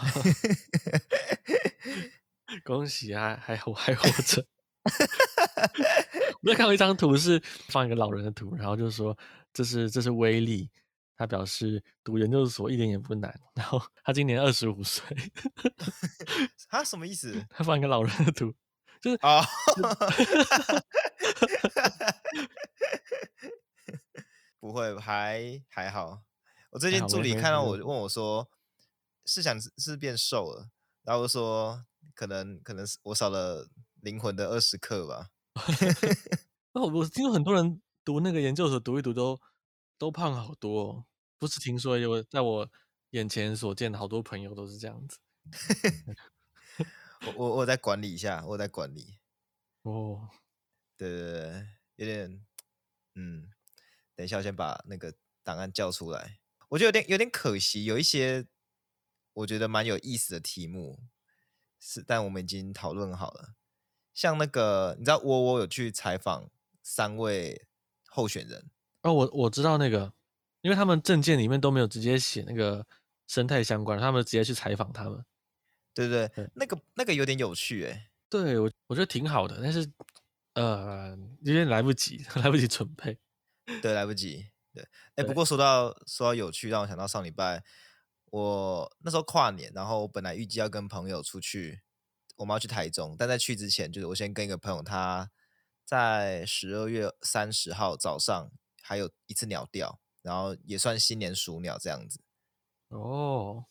恭喜啊，還活還活着！ 我在看有一張圖，是放一個老人的圖，然後就說這是這是威力，他表示讀研究所一點也不難，然後他今年二十五歲。他 什麼意思？他放一個老人的圖，就是哦，oh. 不會，還還好。我最近助理看到我 okay, 問我說。是想是變瘦了，然後說可能可能是我少了靈魂的二十克吧。我 我聽說很多人讀那個研究所讀一讀都都胖好多，哦，不是聽說，有在我眼前所見的好多朋友都是這樣子。 我我我再管理一下，我再管理。哦，對對對，有點，嗯，等一下我先把那個檔案叫出來，我覺得有點有點可惜，有一些。我覺得蠻有意思的題目，是，但我們已經討論好了。像那個，你知道，我我有去採訪三位候選人，哦，我我知道那個，因為他們證件裡面都沒有直接寫那個生態相關，他們直接去採訪他們，對不對？嗯、那個那個有點有趣、欸，誒，對我我覺得挺好的，但是呃，有點來不及，來不及準備，對，來不及，對，哎、欸，不過說到說到有趣，讓我想到上禮拜。我那時候跨年，然後我本來預計要跟朋友出去，我們要去台中，但在去之前，就是我先跟一個朋友，他在十二月三十號早上還有一次鳥調，然後也算新年數鳥這樣子。哦，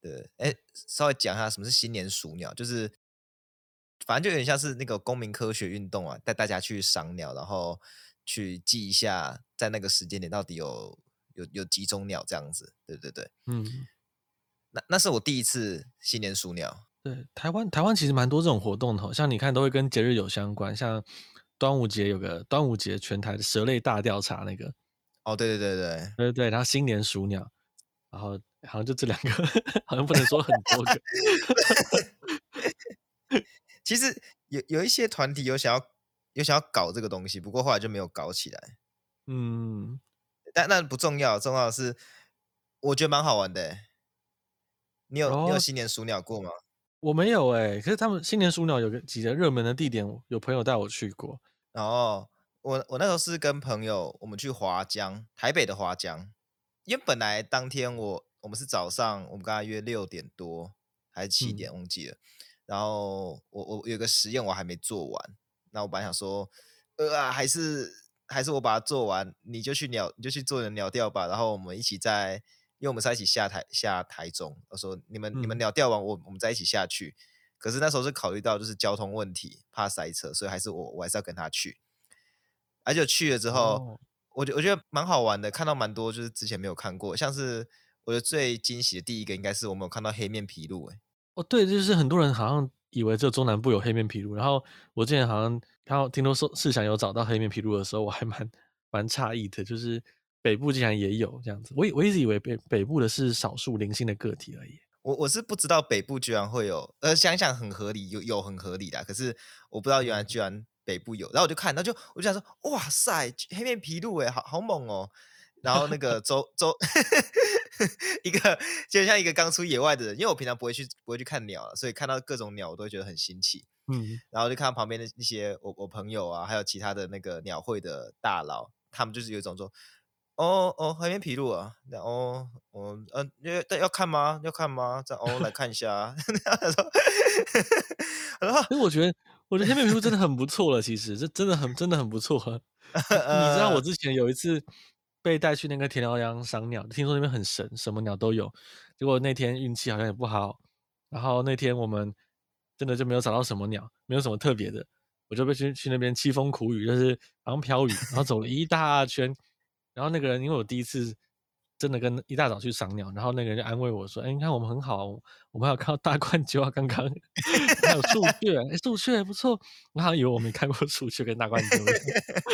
對，哎，稍微講一下什麼是新年數鳥，就是反正就有點像是那個公民科學運動啊，帶大家去賞鳥，然後去記一下在那個時間點到底有有有幾種鳥這樣子，對對對，嗯。那那是我第一次新年數鳥。對，台灣台灣其實蠻多這種活動的，像你看都會跟節日有相關，像端午節有個端午節全台的蛇類大調查那個。哦，對對對對對對，然後新年數鳥，然後好像就這兩個好像不能說很多個。 其實有有一些團體有想要有想要搞這個東西，不過後來就沒有搞起來。嗯，但那不重要，重要的是我覺得蠻好玩的。你有、哦、你有新年數鳥過嗎？我沒有哎、欸，可是他們新年數鳥有個幾個熱門的地點，有朋友帶我去過。然後我我那時候是跟朋友，我們去華江，台北的華江。因為本來當天我我們是早上，我們剛剛約六點多還是七點忘、嗯、記了。然後我我有個實驗我還沒做完，那我本來想說，呃、啊，還是還是我把它做完，你就去鳥，你就去做人鳥調吧。然後我們一起在。因為我們是在一起下台下台中，我說，你們你們鳥調完，我我們再一起下去，嗯、可是那時候是考慮到就是交通問題，怕塞車，所以還是我我還是要跟他去，而、啊、且去了之後，我、哦、覺我覺得蠻好玩的，看到蠻多就是之前沒有看過，像是我覺得最驚喜的第一個應該是我們有看到黑面琵鷺。哎，哦對，就是很多人好像以為只有中南部有黑面琵鷺，然後我之前好像他到聽說說是想有找到黑面琵鷺的時候，我還蠻蠻詫異的，就是。北部竟然也有這樣子，我我一直以為北北部的是少數零星的個體而已。我我是不知道北部居然會有，呃，想想很合理，有有很合理的，可是我不知道原來居然北部有。嗯、然後我就看到，然後就我就想說，哇塞，黑面琵鷺誒，好好猛哦、喔。然後那個周 周，周 一個就像一個剛出野外的人，因為我平常不會去不會去看鳥，所以看到各種鳥我都會覺得很新奇。嗯，然後就看旁邊的那些我我朋友啊，還有其他的那個鳥會的大佬，他們就是有一種說。哦哦，海邊皮路啊，那哦哦，嗯、哦呃，要要看嗎？要看嗎？再哦來看一下、啊。因 為 我覺得，我覺得海邊皮路真, 真,真的很不錯了。其實這真的很真的很不錯。你知道我之前有一次被帶去那個田寮洋賞鳥， 聽說那邊很神，什麼鳥都有。結果那天運氣好像也不好，然後那天我們真的就沒有找到什麼鳥，沒有什麼特別的。我就被去去那邊淒風苦雨，就是好像飄雨，然後走了一大圈。 然後那個人，因為我第一次真的跟一大早去賞鳥，然後那個人就安慰我說：“哎、欸，你看我們很好，我們還有看到大冠鷲啊，剛剛 還有樹鵲、啊，哎、欸，樹鵲也不錯。”我還以為我沒看過樹鵲跟大冠鷲，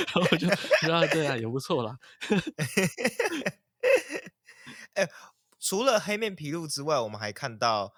然後我就：“覺啊，對啊，也不錯啦。 ”哎、欸，除了黑面琵鷺之外，我們還看到，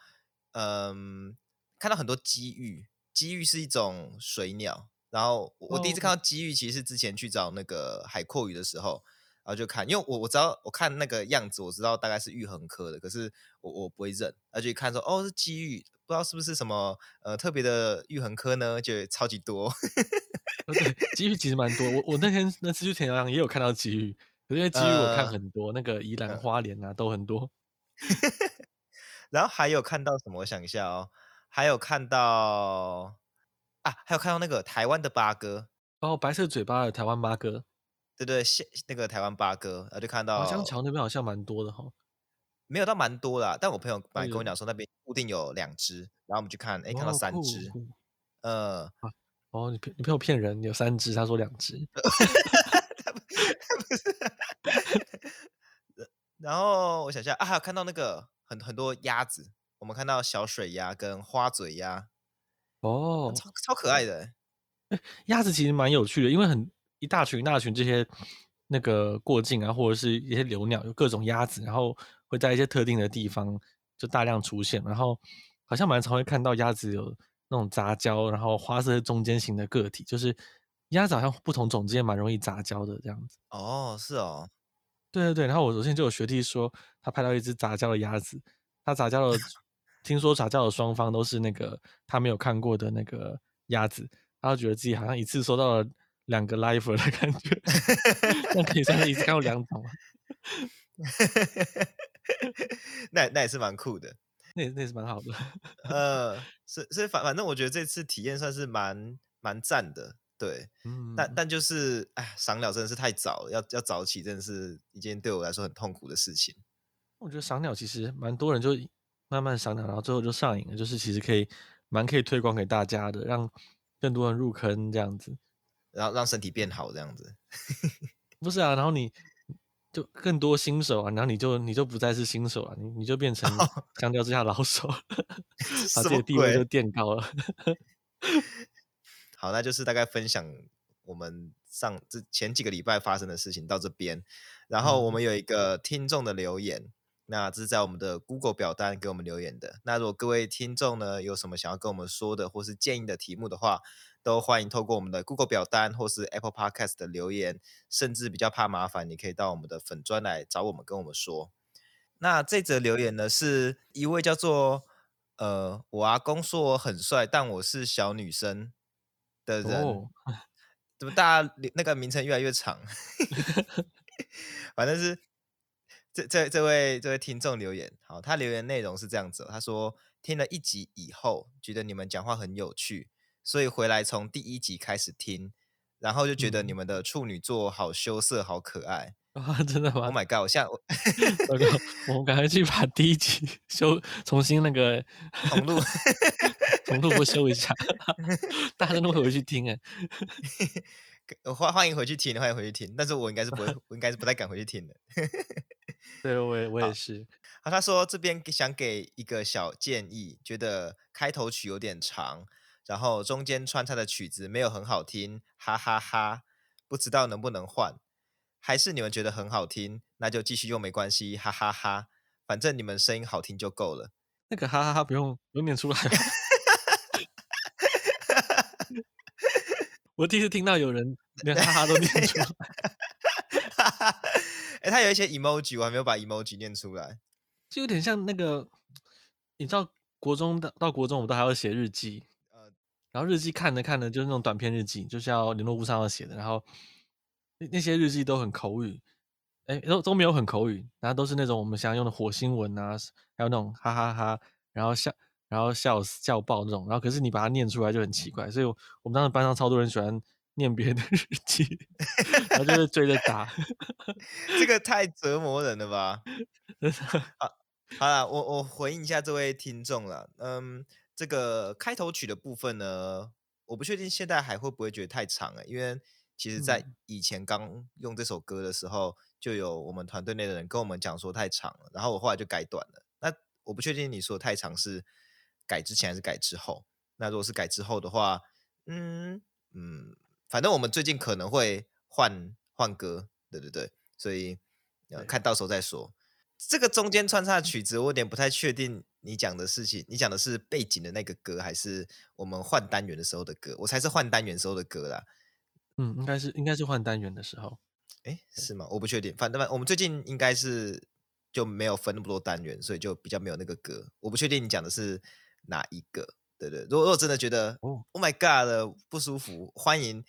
嗯，看到很多磯鷸。磯鷸是一種水鳥。然後我,、oh. 我第一次看到磯鷸，其實是之前去找那個海闊魚的時候。然後就看，因為我我知道，我看那個樣子，我知道大概是玉衡科的，可是我我不會認，然後就看說，哦，是姬遇，不知道是不是什麼呃特別的玉衡科呢？就超級多。 哦、對，姬玉其實蠻多。我我那天 那次去田寮港也有看到姬遇，可是因為姬遇我看很多、呃，那個宜蘭花蓮啊都很多。 然後還有看到什麼？我想一下哦，還有看到啊，還有看到那個台灣的八哥，然、哦、後白色嘴巴的台灣八哥。對對，現那個台灣八哥，然就看到。好、啊、像橋那邊好像蠻多的哈。沒有，到蠻多的、啊。但我朋友本來跟我講說那邊固定有兩隻，然後我們去看，哎，看到三隻。嗯、哦呃啊。哦，你你朋友騙人，有三隻，他說兩隻。 不是 然後我想一下啊，還有看到那個很很多鴨子，我們看到小水鴨跟花嘴鴨。哦。超超可愛的、欸欸。鴨子其實蠻有趣的，因為很。一大群一大群，這些那個過境啊，或者是一些留鳥，有各種鴨子，然後會在一些特定的地方就大量出現。然後好像蠻常會看到鴨子有那種雜交，然後花色中間型的個體，就是鴨子好像不同種子也蠻容易雜交的這樣子。哦、oh，是哦，對對對。然後我昨天就有學弟說，他拍到一隻雜交的鴨子，他雜交的， 聽說雜交的雙方都是那個他沒有看過的那個鴨子，他就覺得自己好像一次收到了。兩個 life 的感覺， 那可以算是看到兩種嘛？那那也是蠻酷的，那也那也是蠻好的。 呃，所以所以反反正我覺得這次體驗算是蠻蠻讚的，對。但、嗯、但就是，哎，賞鳥真的是太早了，要要早起真的是一件對我來說很痛苦的事情。我覺得賞鳥其實蠻多人就慢慢賞鳥，然後最後就上癮了，就是其實可以蠻可以推廣給大家的，讓更多人入坑這樣子。然後讓身體變好，這樣子不是啊？然後你就更多新手啊，然後你就你就不再是新手了，啊，你你就變成相較之下老手，把自己的地位就墊高了。 好，那就是大概分享我們上這前幾個禮拜發生的事情到這邊。然後我們有一個聽眾的留言，嗯，那這是在我們的 Google 表單給我們留言的。那如果各位聽眾呢，有什麼想要跟我們說的或是建議的題目的話，都歡迎透過我們的 Google 表單或是 Apple Podcast 的留言，甚至比較怕麻煩，你可以到我們的粉專來找我們，跟我們說。那這則留言呢，是一位叫做呃我阿公說我很帥，但我是小女生的人。哦、怎麼大家那個名稱越來越長？ 反正是這這這位這位聽眾留言，好，他留言內容是這樣子，他說，聽了一集以後，覺得你們講話很有趣。所以回來從第一集開始聽，然後就覺得你們的處女座好羞澀，好可愛啊、哦！真的嗎？Oh my god！我像我， 我們趕快去把第一集修，重新那個重錄、重錄或修一下，大家都會回去聽哎。歡 歡迎回去聽，歡迎回去聽。但是我應該是不會， 我應該是不太敢回去聽的。 對，我也我也是。好，好，他說這邊想給一個小建議，覺得開頭曲有點長。然後中間穿插的曲子沒有很好聽，哈，哈哈哈，不知道能不能換，還是你們覺得很好聽？那就繼續用沒關係，哈，哈哈哈，反正你們聲音好聽就夠了。那個哈哈哈不用，不用念出來 我第一次聽到有人連哈哈都念出來，哈哈哈！哎，他有一些 emoji，我還沒有把 emoji 念出來，就有點像那個，你知道國中的到國中，國中我都還要寫日記。然後日記看着看着就是那種短篇日記，就是要聯絡簿上要寫的。然後那那些日記都很口語，哎，都都沒有很口語，然後都是那種我們想用的火星文啊，還有那種哈哈哈，哈，然後笑，然後笑死笑爆那種。然後可是你把它念出來就很奇怪，所以我，我們當時班上超多人喜歡念別人的日記，他 就是追着打 。 這個太折磨人了吧？ 好，好了，我我回應一下這位聽眾了，嗯。這個開頭曲的部分呢，我不確定現在還會不會覺得太長了。欸，因為其實在以前剛用這首歌的時候，嗯，就有我們團隊內的人跟我們講說太長了，然後我後來就改短了。那我不確定你說的太長是改之前還是改之後。那如果是改之後的話，嗯嗯，反正我們最近可能會換換歌，對對對，所以看到時候再說。這個中間穿插的曲子，我有點不太確定。你講的事情，你講的是背景的那個歌，還是我們換單元的時候的歌？我猜是換單元時候的歌啦。嗯，應該是，應該是換單元的時候。哎，是嗎？我不確定。反正我們最近應該是就沒有分那麼多單元，所以就比較沒有那個歌。我不確定你講的是哪一個。對對。如果如果真的覺得哦 Oh.，Oh my God，不舒服，歡迎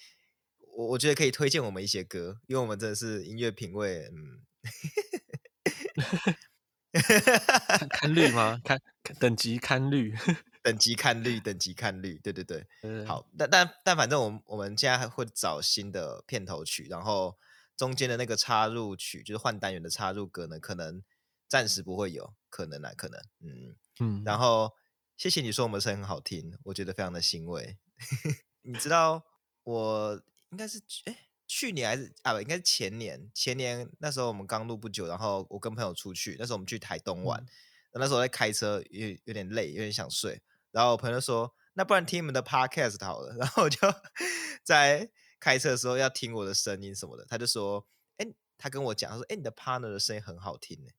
我我覺得可以推薦我們一些歌，因為我們真的是音樂品味，嗯。 看，看綠嗎？看等級，看綠， 等級看綠，等級看綠，對對對。對對對好，但但但反正我們我們現在還會找新的片頭曲，然後中間的那個插入曲，就是換單元的插入歌呢，可能暫時不會有可能啊，可能嗯嗯。然後謝謝你說我們聲音很好聽，我覺得非常的欣慰。 你知道我應該是哎。誒去年還是啊不，應該是前年前年，那時候我們剛錄不久，然後我跟朋友出去，那時候我們去台東玩，嗯、那時候我在開車，有有點累，有點想睡，然後我朋友說，那不然聽你們的 podcast 好了，然後我就 在開車的時候要聽我的聲音什麼的，他就說，哎、欸，他跟我講，他說、欸，你的 partner 的聲音很好聽哎、欸，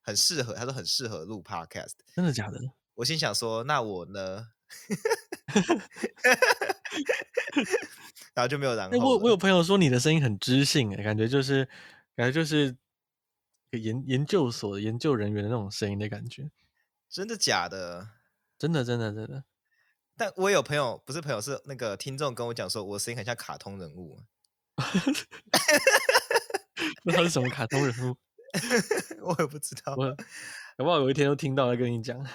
很適合，他說很適合錄 podcast，真的假的？我心想說，那我呢？ 然後就沒有然後了，欸。我我有朋友說，你的聲音很知性，感覺就是感覺就是研研究所研究人員的那種聲音的感覺。真的假的？真的真的真的。但我有朋友不是朋友，是那個聽眾跟我講說，我聲音很像卡通人物。那 他 是什麼卡通人物？ 我也不知道。我，好不好有一天都聽到了跟你講。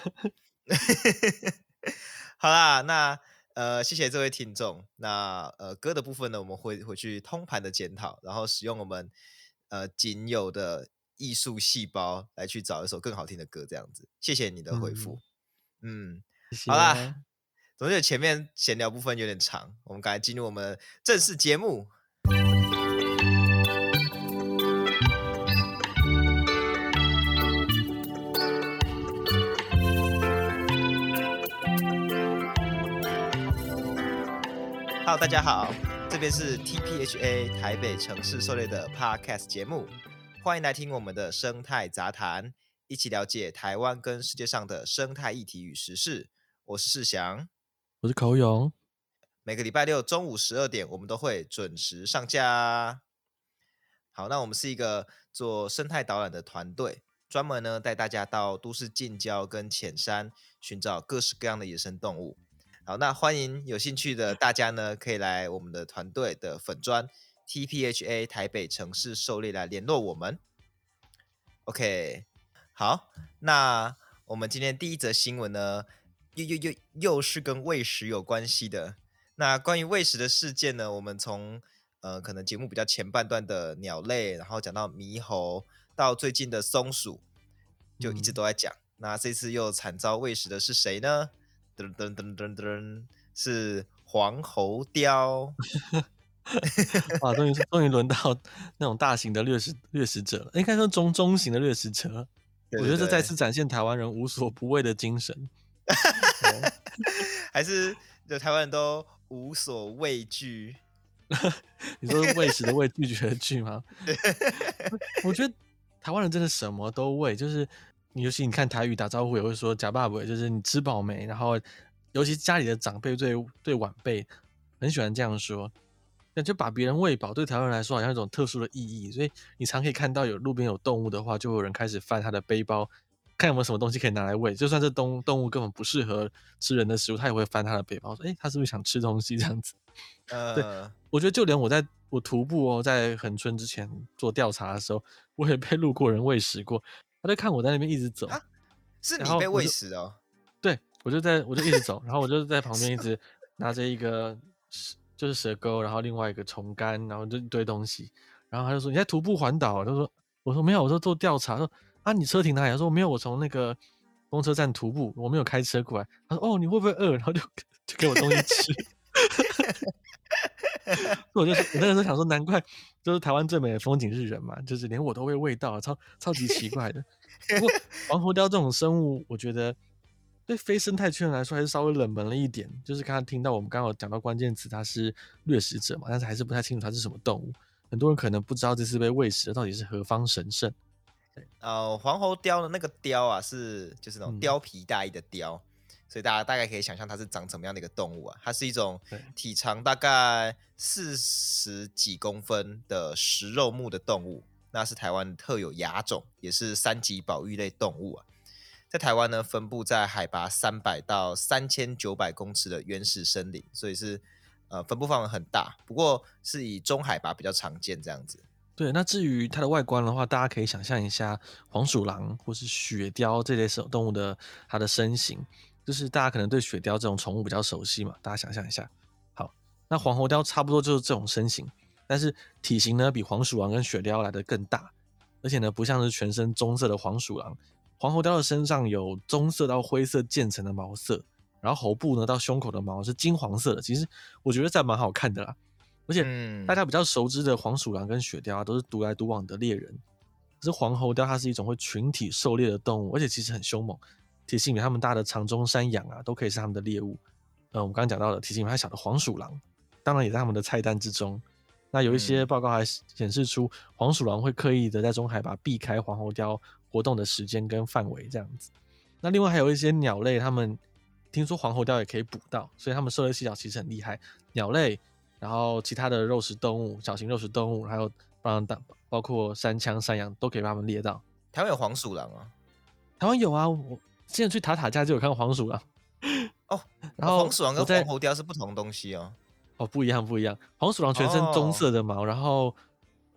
好啦，那。呃，謝謝這位聽眾。那呃，歌的部分呢，我們會回，回去通盤的檢討，然後使用我們呃僅有的藝術細胞來去找一首更好聽的歌，這樣子。謝謝你的回復。嗯，嗯謝謝，好啦。總之，前面閒聊部分有點長，我們趕快進入我們正式節目。大家好，這邊是 TPHA 台北城市狩獵的 Podcast 節目，歡迎來聽我們的生態雜談，一起了解台灣跟世界上的生態議題與時事。我是世祥，我是口勇，每個禮拜六中午十二點，我們都會準時上架。好，那我們是一個做生態導覽的團隊，專門呢帶大家到都市近郊跟淺山，尋找各式各樣的野生動物。好，那歡迎有興趣的大家呢，可以來我們的團隊的粉專 TPHA 台北城市狩獵來聯絡我們。OK，好，那我們今天第一則新聞呢，又又又又是跟餵食有關係的。那關於餵食的事件呢，我們從呃可能節目比較前半段的鳥類，然後講到獼猴，到最近的松鼠，就一直都在講。嗯、那這次又慘遭餵食的是誰呢？噔，噔噔噔噔噔，是黃喉貂。啊， 終於終於輪到那種大型的掠食掠食者了，欸、應該說中中型的掠食者對對對。我覺得這再次展現台灣人無所不畏的精神， 還是就台灣人都無所畏懼。 你說是畏畏、“畏食”的“畏”拒絕的“拒”嗎？我覺得台灣人真的什麼都畏，就是。尤其你看台語打招呼也會說“假爸爸”，就是你吃飽沒？然後，尤其家裡的長輩對對晚輩很喜歡這樣說，那就把別人餵飽，對台灣人來說好像一種特殊的意義。所以你常可以看到有路邊有動物的話，就會有人開始翻他的背包，看有沒有什麼東西可以拿來餵。就算這動物動物根本不適合吃人的食物，他也會翻他的背包，說：“哎、欸，他是不是想吃東西？”這樣子。呃、uh...，對，我覺得就連我在我徒步哦，在恆春之前做調查的時候，我也被路過人餵食過。他就看我在那邊一直走，啊、是你被餵食哦。對，我就在，我就一直走， 然後我就在旁邊一直拿着一個就是蛇鈎，然後另外一個蟲竿，然後就一堆東西。然後他就說你在徒步環島，他說，我說沒有，我說做調查，他說啊你車停哪裡？他說沒有，我從那個公車站徒步，我沒有開車過來。他說哦你會不會餓？然後就就給我東西吃。 我就是我那時候想說，難怪就是台灣最美的風景是人嘛，就是連我都會餵到超超級奇怪的。不過黃喉貂這種生物，我覺得對非生態圈來說還是稍微冷門了一點。就是剛剛聽到我們剛剛講到關鍵詞，它是掠食者嘛，但是還是不太清楚它是什麼動物。很多人可能不知道這是被餵食，到底是何方神聖？對，呃，黃喉貂的那個貂啊，是就是那種貂皮大衣的貂。嗯所以大家大概可以想象它是長怎麼樣的一個動物啊？它是一種體長大概四十幾公分的食肉目的動物，那是台灣特有亞種，也是三級保育類動物啊。在台灣呢，分布在海拔三百到三千九百公尺的原始森林，所以是呃分布範圍很大，不過是以中海拔比較常見這樣子。對，那至於它的外觀的話，大家可以想象一下黃鼠狼或是雪貂這類小動物的它的身形。就是大家可能對雪貂這種寵物比較熟悉嘛，大家想象一下。好，那黃喉貂差不多就是這種身形，但是體型呢比黃鼠狼跟雪貂來得更大，而且呢不像是全身棕色的黃鼠狼，黃喉貂的身上有棕色到灰色漸層的毛色，然後喉部呢到胸口的毛是金黃色的，其實我覺得這蠻好看的啦。而且大家比較熟知的黃鼠狼跟雪貂、啊、都是獨來獨往的獵人，可是黃喉貂它是一種會群體狩獵的動物，而且其實很凶猛。體型比它們大的長鬃山羊啊，都可以是它們的獵物。呃、嗯，我們剛剛講到的體型比它小的黃鼠狼，當然也在它們的菜單之中。那有一些報告還顯示出黃鼠狼會刻意的在中海拔避開黃喉貂活動的時間跟範圍這樣子。那另外還有一些鳥類，他們聽說黃喉貂也可以捕到，所以它們狩獵技巧其實很厲害。鳥類，然後其他的肉食動物，小型肉食動物，還有當然大，包括山羌山羊，都可以把它們獵到。台灣有黃鼠狼啊？台灣有啊，我。現在去塔塔加就有看到黃鼠狼哦，哦，然後黃鼠狼跟黃喉貂是不同的東西哦，哦，不一樣不一樣，黃鼠狼全身棕色的毛，哦，然後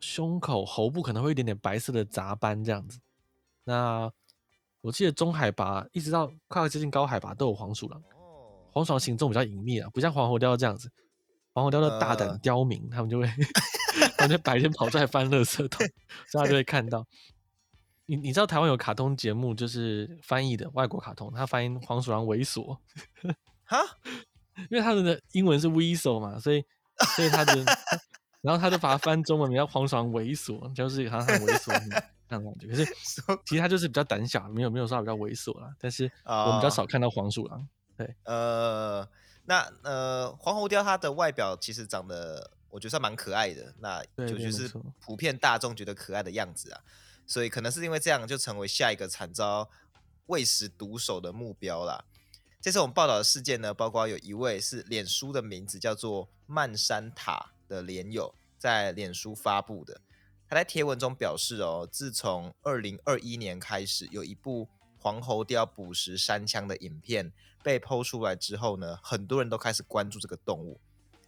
胸口喉部可能會有一點點白色的雜斑這樣子。那我記得中海拔一直到快要接近高海拔都有黃鼠狼，黃鼠狼行動比較隱秘啊，不像黃喉貂這樣子，黃喉貂的大膽刁民，呃，他們就會， 他們就白天跑出來翻垃圾桶，大 家就會看到。你你知道台灣有卡通節目，就是翻譯的外國卡通，他翻譯黃鼠狼猥瑣，哈、 huh?，因為他們的英文是猥瑣嘛，所以所以他就 然後他就把它翻中文，名叫黃鼠狼猥瑣，就是好像很猥瑣那種感覺。可是其實他就是比較膽小，沒有沒有說比較猥瑣啦，但是我比較少看到黃鼠狼。對，哦、呃，那呃，黃喉貂它的外表其實長得我覺得算蠻可愛的，那就就是普遍大眾覺得可愛的樣子啊。所以可能是因為這樣，就成為下一個慘遭餵食毒手的目標啦。這次我們報道的事件呢，包括有一位是臉書的名字叫做曼山塔的臉友在臉書發布的。他在貼文中表示哦，自從二零二一年開始，有一部黃喉貂捕食山羌的影片被 PO 出來之後呢，很多人都開始關注這個動物。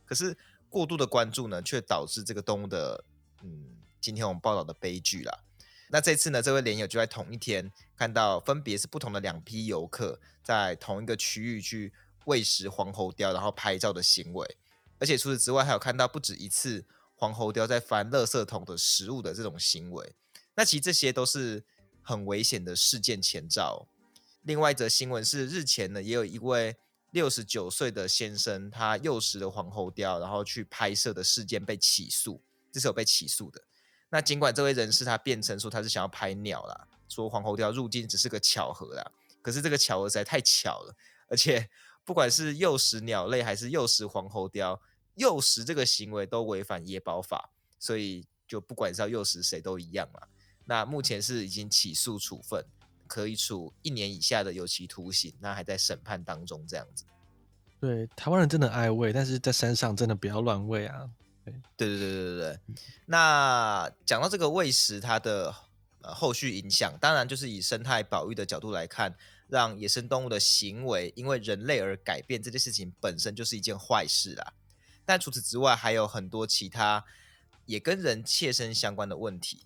可是過度的關注呢，卻導致這個動物的嗯，今天我們報道的悲劇啦。那這次呢，這位臉友就在同一天看到，分別是不同的兩批遊客在同一個區域去餵食黃喉貂，然後拍照的行為。而且除此之外，還有看到不止一次黃喉貂在翻垃圾桶的食物的這種行為。那其實這些都是很危險的事件前兆。另外一則新聞是，日前呢，也有一位六十九歲的先生，他誘食了黃喉貂，然後去拍攝的事件被起訴，這是有被起訴的。那儘管這位人士他辯稱說他是想要拍鳥啦，說黃喉貂入鏡只是個巧合啦，可是這個巧合實在太巧了，而且不管是誘食鳥類還是誘食黃喉貂，誘食這個行為都違反野保法，所以就不管是要誘食誰都一樣嘛。那目前是已經起訴處分，可以處一年以下的有期徒刑，那還在審判當中這樣子。對，台灣人真的愛餵，但是在山上真的不要亂餵啊。對對對對對，那講到這個餵食它的呃後續影響，當然就是以生態保育的角度來看，讓野生動物的行為因為人類而改變這件事情本身就是一件壞事啦。但除此之外，還有很多其他也跟人切身相關的問題。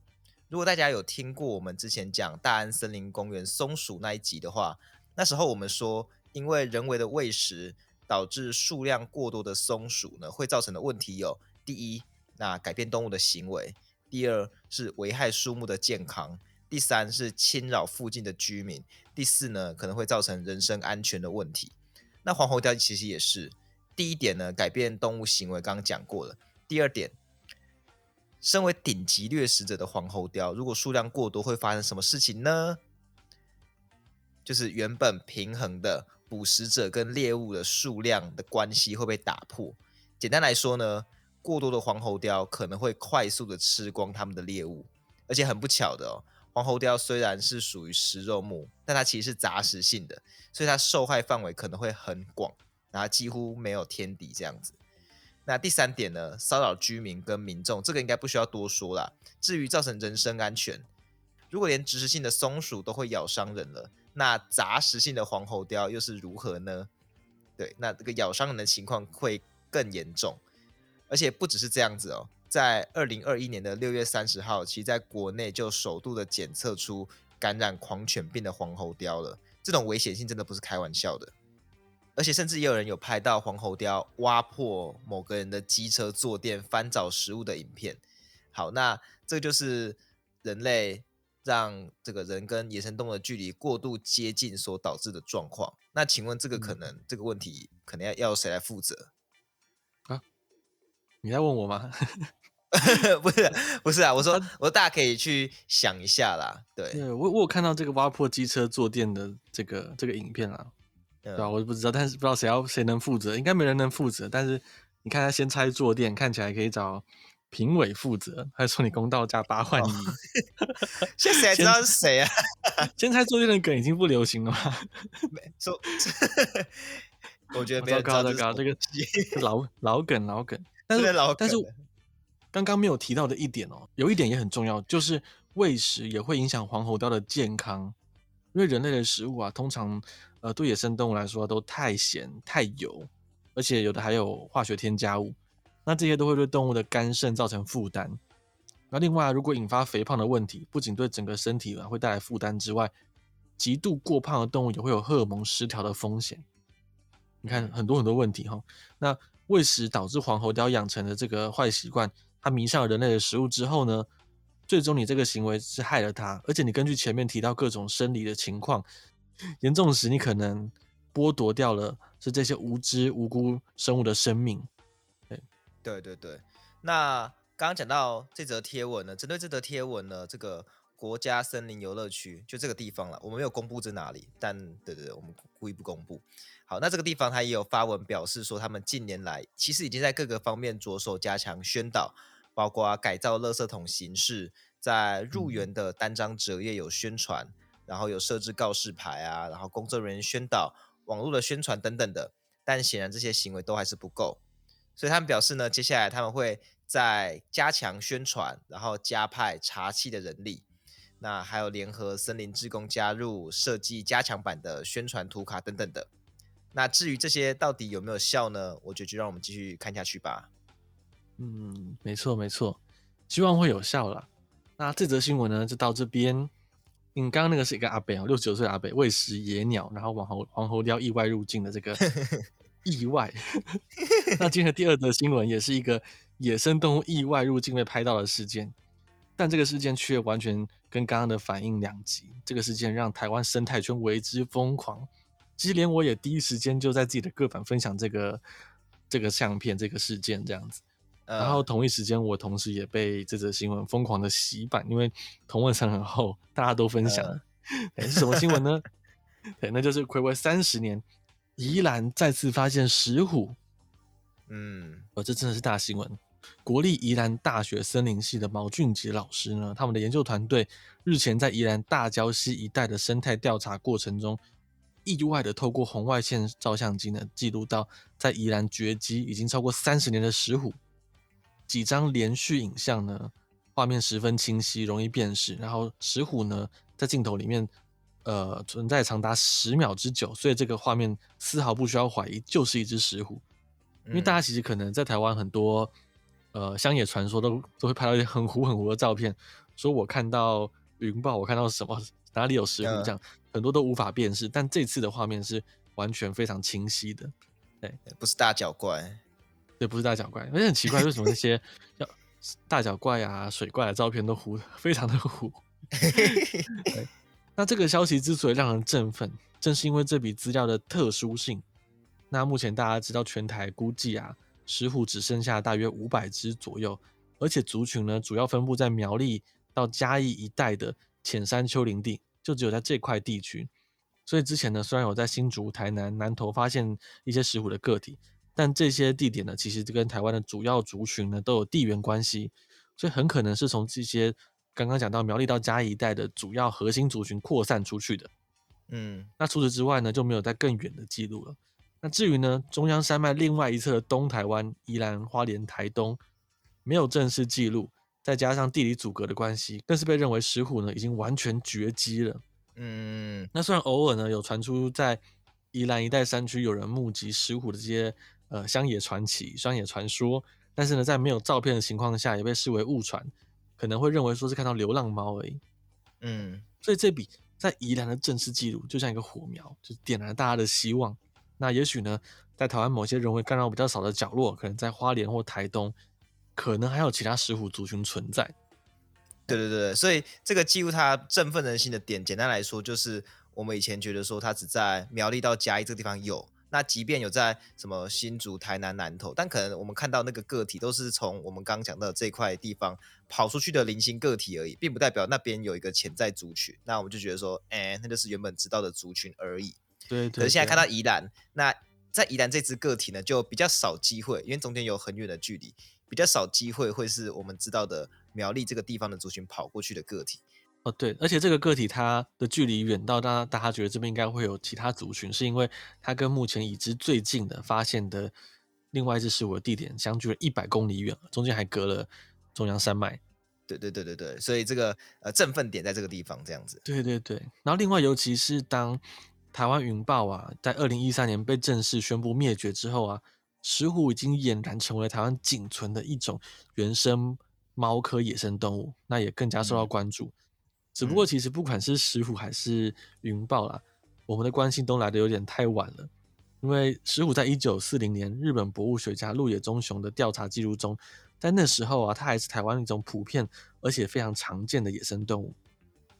如果大家有聽過我們之前講大安森林公園松鼠那一集的話，那時候我們說，因為人為的餵食導致數量過多的松鼠呢，會造成的問題有。第一，那改變動物的行為；第二，是危害樹木的健康；第三，是侵擾附近的居民；第四呢，可能會造成人身安全的問題。那黃喉貂其實也是第一點呢，改變動物行為，剛剛講過了。第二點，身為頂級掠食者的黃喉貂，如果數量過多，會發生什麼事情呢？就是原本平衡的捕食者跟獵物的數量的關係會被打破。簡單來說呢。過多的黃喉貂可能會快速的吃光它們的獵物，而且很不巧的哦，黃喉貂雖然是屬於食肉目，但它其實是雜食性的，所以它受害範圍可能會很廣，然後幾乎沒有天敵這樣子。那第三點呢，騷擾居民跟民眾，這個應該不需要多說啦。至於造成人身安全，如果連植食性的松鼠都會咬傷人了，那雜食性的黃喉貂又是如何呢？對，那這個咬傷人的情況會更嚴重。而且不只是這樣子哦，在二零二一年的六月三十號，其實在國內就首度的檢測出感染狂犬病的黃喉貂了。這種危險性真的不是開玩笑的。而且甚至也有人有拍到黃喉貂挖破某個人的機車坐墊翻找食物的影片。好，那這就是人類讓這個人跟野生動物的距離過度接近所導致的狀況。那請問這個可能，這個問題可能要要誰來負責？你在問我嗎？ 不是，不是啊！我說，我說大家可以去想一下啦。對，我我有看到這個挖破機車坐墊的這個這個影片啊、嗯。對啊，我就不知道，但是不知道誰要誰能負責，應該沒人能負責。但是你看他先拆坐墊，看起來可以找評委負責，還是說你公道價八萬一？哦、 現在誰還知道是誰啊？先拆 坐墊的梗已經不流行了嘛。 沒說， 我覺得沒有。糟糕，糟糕，這個 老老梗，老梗。但是，但是剛剛沒有提到的一點哦、喔，有一點也很重要，就是餵食也會影響黃喉貂的健康。因為人類的食物啊，通常呃對野生動物來說都太鹹、太油，而且有的還有化學添加物。那這些都會對動物的肝腎造成負擔。那另外、啊，如果引發肥胖的問題，不僅對整個身體啊會帶來負擔之外，極度過胖的動物也會有荷爾蒙失調的風險。你看，很多很多問題哈。那。餵食導致黃喉貂養成的這個壞習慣，它迷上了人類的食物之後呢，最終你這個行為是害了它，而且你根據前面提到各種生理的情況，嚴重時你可能剝奪掉了是這些無知無辜生物的生命。對對對對，那剛剛講到這則貼文呢，針對這則貼文呢，這個國家森林遊樂區就這個地方了，我們沒有公布在哪裡，但對對對，我們故意不公布。好，那這個地方他也有發文表示說，他們近年來其實已經在各個方面着手加強宣導，包括改造垃圾桶形式，在入園的單張折頁有宣傳，然後有設置告示牌啊，然後工作人員宣導、網絡的宣傳等等的。但顯然這些行為都還是不夠，所以他們表示呢，接下來他們會再加強宣傳，然後加派查緝的人力，那還有聯合森林志工加入設計加強版的宣傳圖卡等等的。那至於這些到底有沒有效呢？我覺得就讓我們繼續看下去吧。嗯，沒錯沒錯，希望會有效了。那這則新聞呢，就到這邊。嗯，剛剛那個是一個阿北哦，六十九歲阿北餵食野鳥，然後黃喉貂黃喉貂，意外入境的這個意外。 那接著第二則新聞，也是一個野生動物意外入境被拍到的事件，但這個事件卻完全跟剛剛的反應兩極。這個事件讓台灣生態圈為之瘋狂。其實連我也第一時間就在自己的個版分享這個這個相片，這個事件這樣子。Uh, 然後同一時間，我同時也被這則新聞瘋狂的洗版，因為同溫層很厚，大家都分享。哎、uh, 欸，是什麼新聞呢？對、 欸，那就是睽違30年，宜蘭再次發現石虎。嗯，哦，這真的是大新聞。國立宜蘭大學森林系的毛俊杰老師呢，他們的研究團隊日前在宜蘭大礁溪一帶的生態調查過程中。意外的，透過紅外線照相機呢，記錄到在宜蘭絕跡已經超過三十年的石虎。幾張連續影像呢，畫面十分清晰、容易辨識。然後石虎呢，在鏡頭裡面，呃，存在長達十秒之久，所以這個畫面絲毫不需要懷疑，就是一隻石虎。嗯。因為大家其實可能在台灣很多，呃，鄉野傳說都都會拍到一些很糊很糊的照片，說我看到雲豹，我看到什麼？哪裡有石虎？這樣、yeah. 很多都無法辨識，但這次的畫面是完全非常清晰的。對，不是大腳怪，對，不是大腳怪，而且很奇怪，為什麼那些要大腳怪啊、 水怪的、啊、照片都糊，非常的糊？ 那這個消息之所以讓人振奮，正是因為這筆資料的特殊性。那目前大家知道，全台估計啊，石虎只剩下大約五百只左右，而且族群呢，主要分布在苗栗到嘉義一帶的。淺山丘陵地，就只有在這塊地區，所以之前呢，雖然有在新竹、台南、南投發現一些石虎的個體，但這些地點呢，其實跟臺灣的主要族群呢都有地緣關係，所以很可能是從這些剛剛講到苗栗到嘉義一帶的主要核心族群擴散出去的。嗯，那除此之外呢，就沒有再更遠的記錄了。那至於呢，中央山脈另外一側的東臺灣，宜蘭、花蓮、台東，沒有正式記錄。再加上地理阻隔的關係，更是被認為石虎呢已經完全絕跡了。嗯，那雖然偶爾呢有傳出在宜蘭一帶山區有人目擊石虎的這些呃鄉野傳奇、鄉野傳說，但是呢在沒有照片的情況下，也被視為誤傳，可能會認為說是看到流浪貓而已。嗯，所以這筆在宜蘭的正式記錄就像一個火苗，就點燃了大家的希望。那也許呢在台灣某些人為干擾比較少的角落，可能在花蓮或台東。可能還有其他石虎族群存在，對對對，所以這個記錄它振奮人心的點，簡單來說就是我們以前覺得說它只在苗栗到嘉義這個地方有，那即便有在什麼新竹、台南、南投，但可能我們看到那個個體都是從我們剛剛講到的這塊地方跑出去的零星個體而已，並不代表那邊有一個潛在族群。那我們就覺得說，哎、欸，那就是原本知道的族群而已。對，對，可是現在看到宜蘭，那在宜蘭這隻個體呢，就比較少機會，因為中間有很遠的距離。比較少機會會是我們知道的苗栗這個地方的族群跑過去的個體哦，對，而且這個個體它的距離遠到大家，大家覺得這邊應該會有其他族群，是因為它跟目前已知最近的發現的另外一隻石虎的地點相距了一百公里遠，中間還隔了中央山脈。對對對對對，所以這個呃振奮點在這個地方這樣子。對對對，然後另外尤其是當台灣雲豹啊，在二零一三年被正式宣布滅絕之後啊。石虎已經儼然成為台灣僅存的一種原生貓科野生動物，那也更加受到關注。只不過，其實不管是石虎還是雲豹啦，我們的關心都來得有點太晚了。因為石虎在一九四零年日本博物學家鹿野忠雄的調查記錄中，在那時候啊，它還是台灣一種普遍而且非常常見的野生動物。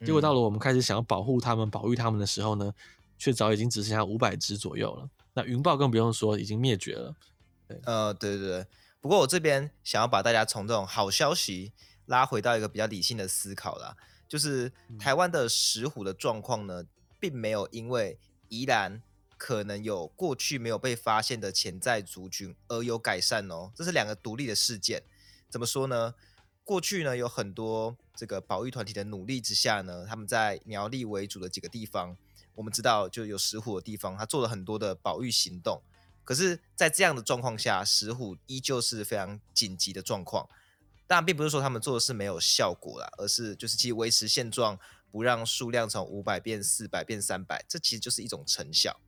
結果到了我們開始想要保護它們、保育它們的時候呢，卻早已經只剩下五百隻左右了。那雲豹更不用說，已經滅絕了。呃，對對對，不過我這邊想要把大家從這種好消息拉回到一個比較理性的思考啦，就是台灣的石虎的狀況呢，並沒有因為宜蘭可能有過去沒有被發現的潛在族群而有改善哦，這是兩個獨立的事件。怎麼說呢？過去呢，有很多這個保育團體的努力之下呢，他們在苗栗為主的幾個地方，我們知道就有石虎的地方，他做了很多的保育行動。可是，在這樣的狀況下，石虎依舊是非常緊急的狀況。當然，並不是說他們做的是沒有效果啦，而是就是去維持現狀，不讓數量從五百變四百變三百，這其實就是一種成效。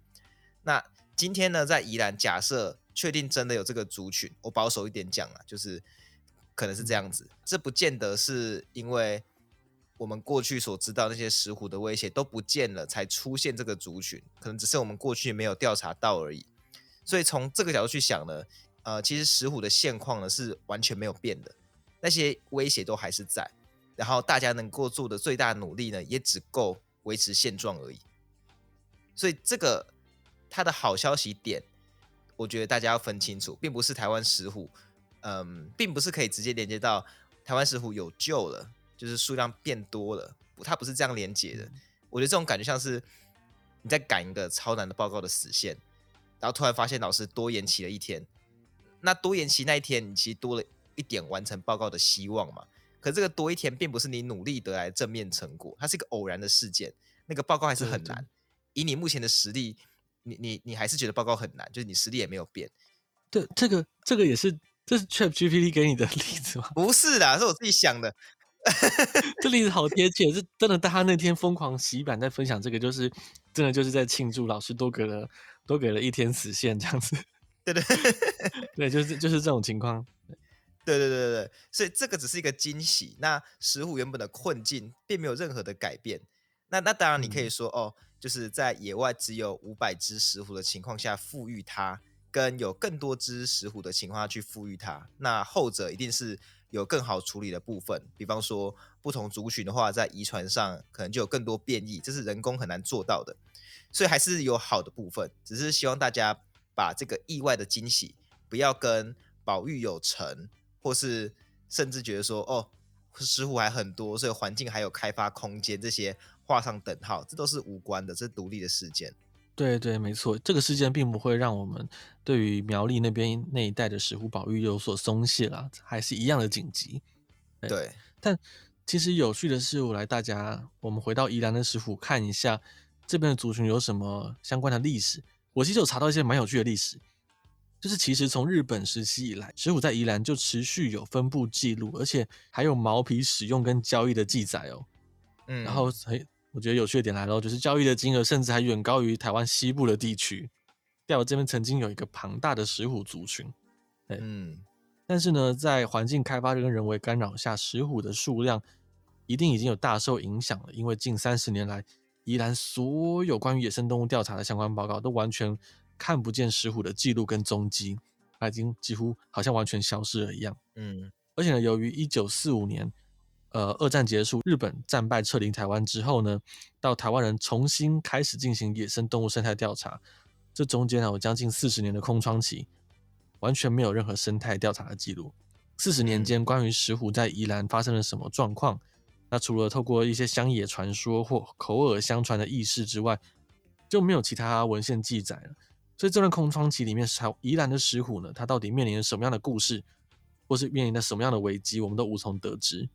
那今天呢，在宜蘭，假設確定真的有這個族群，我保守一點講啊，就是可能是這樣子。這不見得是因為我們過去所知道那些石虎的威脅都不見了才出現這個族群，可能只是我們過去沒有調查到而已。所以從這個角度去想呢，呃，其實石虎的現況呢是完全沒有變的，那些威脅都還是在，然後大家能夠做的最大的努力呢，也只夠維持現狀而已。所以這個它的好消息點，我覺得大家要分清楚，並不是台灣石虎，嗯、呃，並不是可以直接連接到台灣石虎有救了，就是數量變多了，它不是這樣連接的。我覺得這種感覺像是你在趕一個超難的報告的死線。然後突然發現老師多延期了一天，那多延期那一天，你其實多了一點完成報告的希望嘛？可這個多一天，並不是你努力得來正面成果，它是一個偶然的事件。那個報告還是很難，對對，以你目前的實力，你你你還是覺得報告很難，就是你實力也沒有變。這這個這個也是這是 ChatGPT 給你的例子嗎？不是啦，是我自己想的。 這例子好貼切， 是真的大家那天瘋狂洗版在分享這個，就是真的就是在慶祝老師多給了。都給了一天時限，這樣子，對對對， 對，就是就是這種情況，對對對對，對所以這個只是一個驚喜。那石虎原本的困境並沒有任何的改變。那那當然你可以說、嗯、哦，就是在野外只有五百隻石虎的情況下，復育它，跟有更多隻石虎的情況下去復育它，那後者一定是有更好處理的部分。比方說不同族群的話，在遺傳上可能就有更多變異，這是人工很難做到的。所以還是有好的部分，只是希望大家把這個意外的驚喜不要跟保育有成，或是甚至覺得說哦，石虎還很多，所以環境還有開發空間這些畫上等號，這都是無關的，這是獨立的事件。對對，沒錯，這個事件並不會讓我們對於苗栗那邊那一帶的石虎保育有所鬆懈啦，還是一樣的緊急。對，對，但其實有趣的事物來大家，我們回到宜蘭的石虎看一下。這邊的族群有什麼相關的歷史？我其實有查到一些蠻有趣的歷史，就是其實從日本時期以來，石虎在宜蘭就持續有分布記錄，而且還有毛皮使用跟交易的記載哦。嗯，然後嘿，我覺得有趣的點來了，就是交易的金額甚至還遠高於台灣西部的地區。在我這邊曾經有一個龐大的石虎族群，嗯，但是呢，在環境開發跟人為干擾下，石虎的數量一定已經有大受影響了，因為近三十年來。宜蘭所有關於野生動物調查的相關報告，都完全看不見石虎的記錄跟蹤跡，它已經幾乎好像完全消失了一樣。嗯，而且呢，由於一九四五年，呃，二戰結束，日本戰敗撤離台灣之後呢，到台灣人重新開始進行野生動物生態調查，這中間呢有將近四十年的空窗期，完全沒有任何生態調查的記錄。四十年間，關於石虎在宜蘭發生了什麼狀況？嗯那除了透過一些鄉野傳說或口耳相傳的軼事之外，就沒有其他文獻記載了。所以這段空窗期裡面，宜蘭的石虎呢，它到底面臨着什麼樣的故事，或是面臨着什麼樣的危機，我們都無從得知。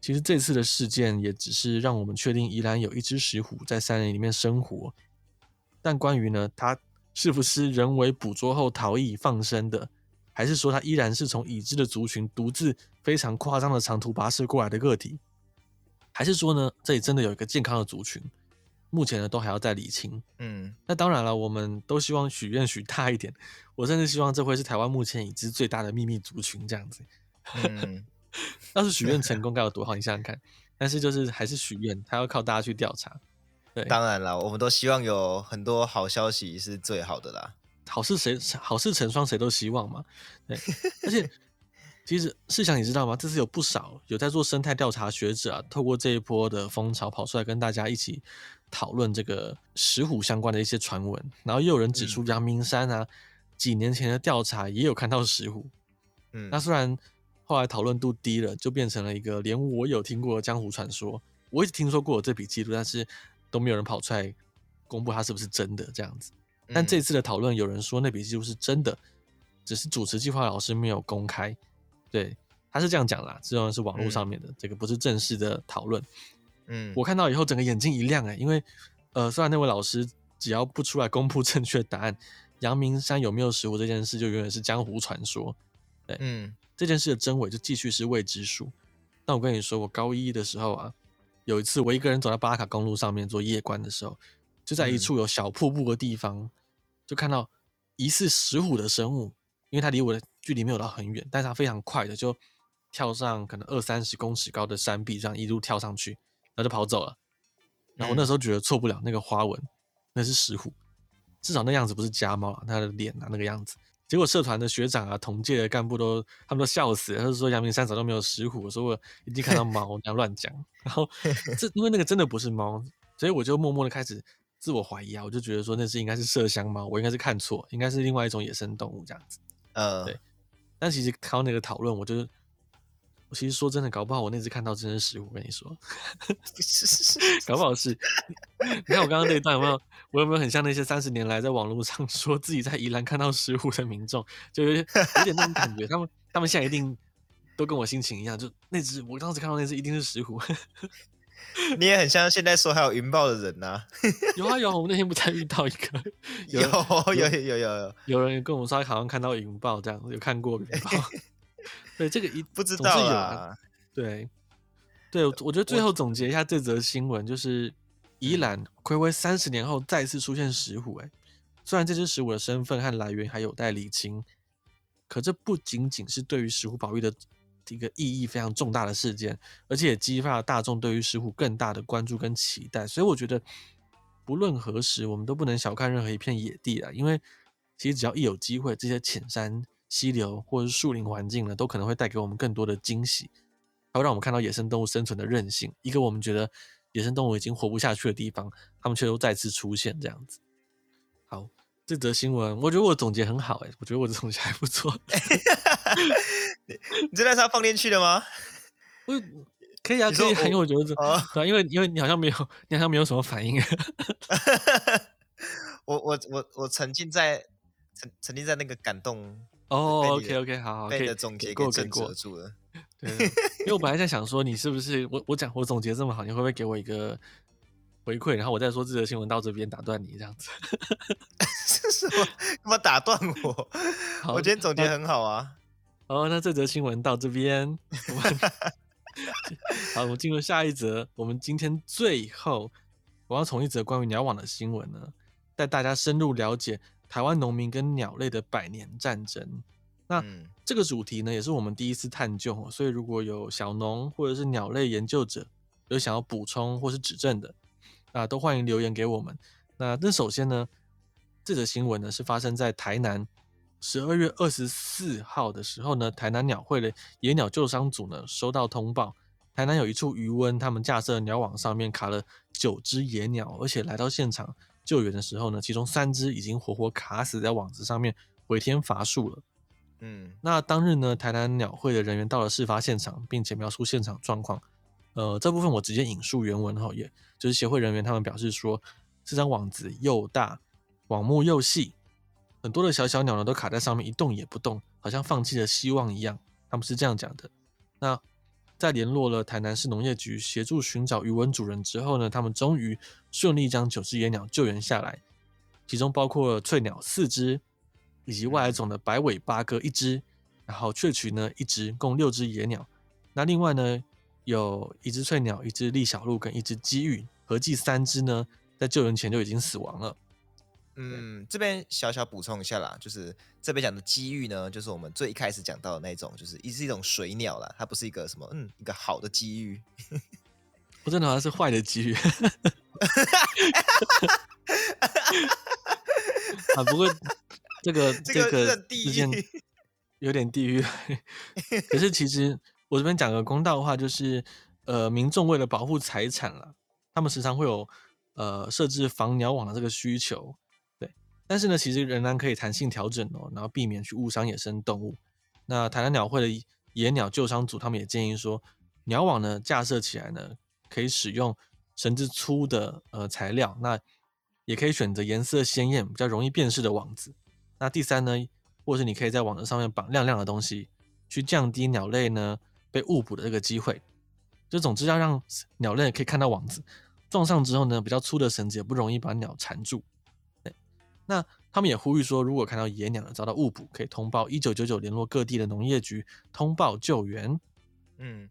其實這次的事件也只是讓我們確定宜蘭有一隻石虎在山林裡面生活，但關於呢，它是不是人為捕捉後逃逸放生的，還是說它依然是從已知的族群獨自非常誇張的長途跋涉過來的個體？還是說呢，這裡真的有一個健康的族群，目前呢都還要再理清。嗯，那當然了，我們都希望許願許大一點。我甚至希望這會是台灣目前已知最大的秘密族群這樣子。要是許願成功，該有多好！ 你想想看。但是就是還是許願，還要靠大家去調查。對，當然了，我們都希望有很多好消息是最好的啦。好事誰好事成雙，誰都希望嘛。對，而且。 其實試想，你知道嗎？這次有不少有在做生態調查學者啊，透過這一波的風潮跑出來跟大家一起討論這個石虎相關的一些傳聞。然後又有人指出，陽明山啊，幾年前的調查也有看到石虎。嗯，那雖然後來討論度低了，就變成了一個連我有聽過的江湖傳說。我一直聽說過這筆記錄，但是都沒有人跑出來公布它是不是真的這樣子。但這次的討論，有人說那筆記錄是真的，只是主持計劃老師沒有公開。對，他是這樣講啦，這種是網絡上面的，嗯，這個不是正式的討論。嗯，我看到以後整個眼睛一亮誒、欸、因為呃，雖然那位老師只要不出來公布正確答案，陽明山有沒有石虎這件事就永遠是江湖傳說，對，嗯，這件事的真偽就繼續是未知數。但我跟你說，我高一的時候啊，有一次我一個人走在巴拉卡公路上面做夜觀的時候，就在一處有小瀑布的地方，嗯，就看到疑似石虎的生物。因為它離我的距離沒有到很遠，但是它非常快的就跳上可能二三十公尺高的山壁，這樣一路跳上去，然後就跑走了。然後我那時候覺得錯不了，那個花紋，那是石虎，至少那樣子不是家貓啊，它的臉啊那個樣子。結果社團的學長啊，同屆的幹部都他們都笑死了，他就說陽明山早都沒有石虎，我說我一定看到貓這樣亂講。 然後這因為那個真的不是貓，所以我就默默的開始自我懷疑啊，我就覺得說那是應該是麝香貓，我應該是看錯，應該是另外一種野生動物這樣子。呃、uh...，對，但其實看到那個討論，我就，我其實說真的，搞不好我那次看到真是石虎，跟你說，是是是，搞不好是，你看我剛剛那一段有沒有，我有沒有很像那些三十年來在網絡上說自己在宜蘭看到石虎的民眾，就是有點那種感覺， 他們他們現在一定都跟我心情一樣，就那隻我當時看到那隻一定是石虎。 你也很像現在說還有雲豹的人吶、啊， 有啊有，啊。我們那天不才遇到一個，有有有有有有， 有人跟我們說他好像看到雲豹這樣子，有看過雲豹， 對這個一不知道啊，對對，我覺得最後總結一下這則新聞就是宜蘭，宜蘭睽違三十年後再次出現石虎。欸，哎，雖然這只石虎的身份和來源還有待釐清，可這不僅僅是對於石虎保育的一個意義非常重大的事件，而且也激發了大眾對於石虎更大的關注跟期待。所以我覺得，不論何時，我們都不能小看任何一片野地啊，因為其實只要一有機會，這些淺山、溪流或者是樹林環境呢，都可能會帶給我們更多的驚喜，還會讓我們看到野生動物生存的韌性。一個我們覺得野生動物已經活不下去的地方，它們卻都再次出現，這樣子。好。這則新聞，我覺得我的總結很好誒，我覺得我的總結還不錯。 你真的是要放進去的嗎？不，可以啊，可以、啊、因有因為。我覺得這，啊、因為因為你好像沒有，你好像沒有什麼反應。 我我我我沉浸在沉沉浸在那個感動。哦、oh，OK OK，的 okay 好好，被你的總結過、過 對，因為我本來在想說，你是不是我我講我總結這麼好，你會不會給我一個？回饋，然後我再說，這則新聞到這邊，打斷你這樣子， 這是什麼？幹嘛打斷我？我今天總結很好啊。啊好，那這則新聞到這邊， 好，我們進入下一則。我們今天最後我要從一則關於鳥網的新聞呢，帶大家深入了解台灣農民跟鳥類的百年戰爭。那這個主題呢，也是我們第一次探究，所以如果有小農或者是鳥類研究者有想要補充或是指正的。啊，都歡迎留言給我們。那那首先呢，這則新聞呢是發生在台南，十二月二十四號的時候呢，台南鳥會的野鳥救傷組呢收到通報，台南有一處魚塭，他們架設的鳥網上面卡了九隻野鳥，而且來到現場救援的時候呢，其中三隻已經活活卡死在網子上面，回天乏術了。嗯，那當日呢，台南鳥會的人員到了事發現場，並且描述現場狀況。呃，這部分我直接引述原文哈也。就是協會人員，他們表示說，這張網子又大，網目又細，很多的小小鳥呢都卡在上面一動也不動，好像放棄了希望一樣。他們是這樣講的。那在聯絡了台南市農業局協助尋找魚塭主人之後呢，他們終於順利將九隻野鳥救援下來，其中包括了翠鳥四隻，以及外來種的白尾八哥一隻，然後雀群呢一隻，共六隻野鳥。那另外呢？有一隻翠鳥、一隻栗小鷺跟一隻磯鷸，合計三隻呢，在救人前就已經死亡了。嗯，這邊小小補充一下啦，就是這邊講的磯鷸呢，就是我們最一開始講到的那種，就是一是一種水鳥啦。它不是一個什麼嗯一個好的磯鷸，我真的好像是壞的磯鷸。 啊，不過這個這個事件、這個這個、有點地獄，可是其實。我這邊講個公道的話，就是，呃，民眾為了保護財產了，他們時常會有，呃，設置防鳥網的這個需求，對。但是呢，其實仍然可以彈性調整哦，然後避免去誤傷野生動物。那台南鳥會的野鳥救傷組他們也建議說，鳥網呢架設起來呢，可以使用繩子粗的呃材料，那也可以選擇顏色鮮豔、比較容易辨識的網子。那第三呢，或者是你可以在網子上面綁亮亮的東西，去降低鳥類呢，被誤捕的這個機會，就總之要讓鳥類可以看到網子，撞上之後呢，比較粗的繩子也不容易把鳥纏住。那他們也呼籲說，如果看到野鳥呢遭到誤捕，可以通報一九九九聯絡各地的農業局通報救援。嗯，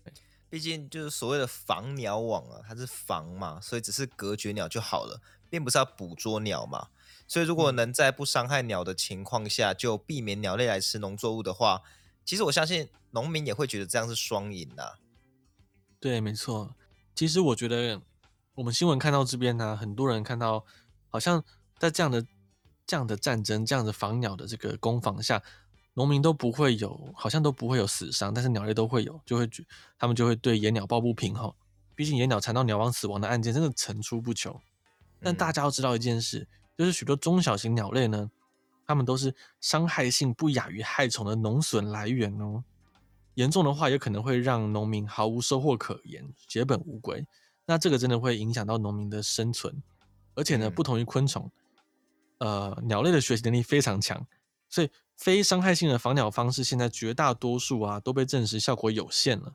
畢竟就是所謂的防鳥網啊，它是防嘛，所以只是隔絕鳥就好了，並不是要捕捉鳥嘛。所以如果能在不傷害鳥的情況下，就避免鳥類來吃農作物的話。其實我相信農民也會覺得這樣是雙贏的、啊，對，沒錯。其實我覺得我們新聞看到這邊呢、啊，很多人看到好像在這樣的這樣的戰爭、這樣的防鳥的這個攻防下，農民都不會有，好像都不會有死傷，但是鳥類都會有，就會覺他們就會對野鳥抱不平哈。畢竟野鳥纏到鳥網死亡的案件真的層出不窮，但大家要知道一件事、嗯，就是許多中小型鳥類呢。他們都是傷害性不亞於害蟲的農損來源哦，嚴重的話也可能會讓農民毫無收穫可言，血本無歸。那這個真的會影響到農民的生存。而且呢，不同於昆蟲，呃，鳥類的學習能力非常強，所以非傷害性的防鳥方式現在絕大多數啊都被證實效果有限了。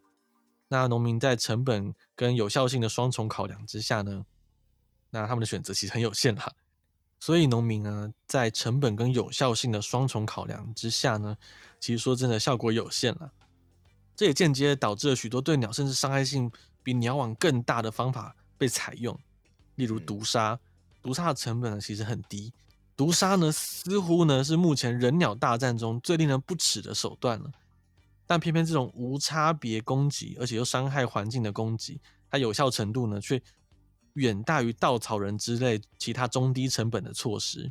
那農民在成本跟有效性的雙重考量之下呢，那他們的選擇其實很有限哈。所以農民呢、啊，在成本跟有效性的雙重考量之下呢，其實說真的效果有限了。這也間接導致了許多對鳥甚至傷害性比鳥網更大的方法被採用，例如毒殺。毒殺的成本呢其實很低，毒殺呢似乎呢是目前人鳥大戰中最令人不齒的手段了。但偏偏這種無差別攻擊，而且又傷害環境的攻擊，它有效程度呢卻。遠大於稻草人之類其他中低成本的措施，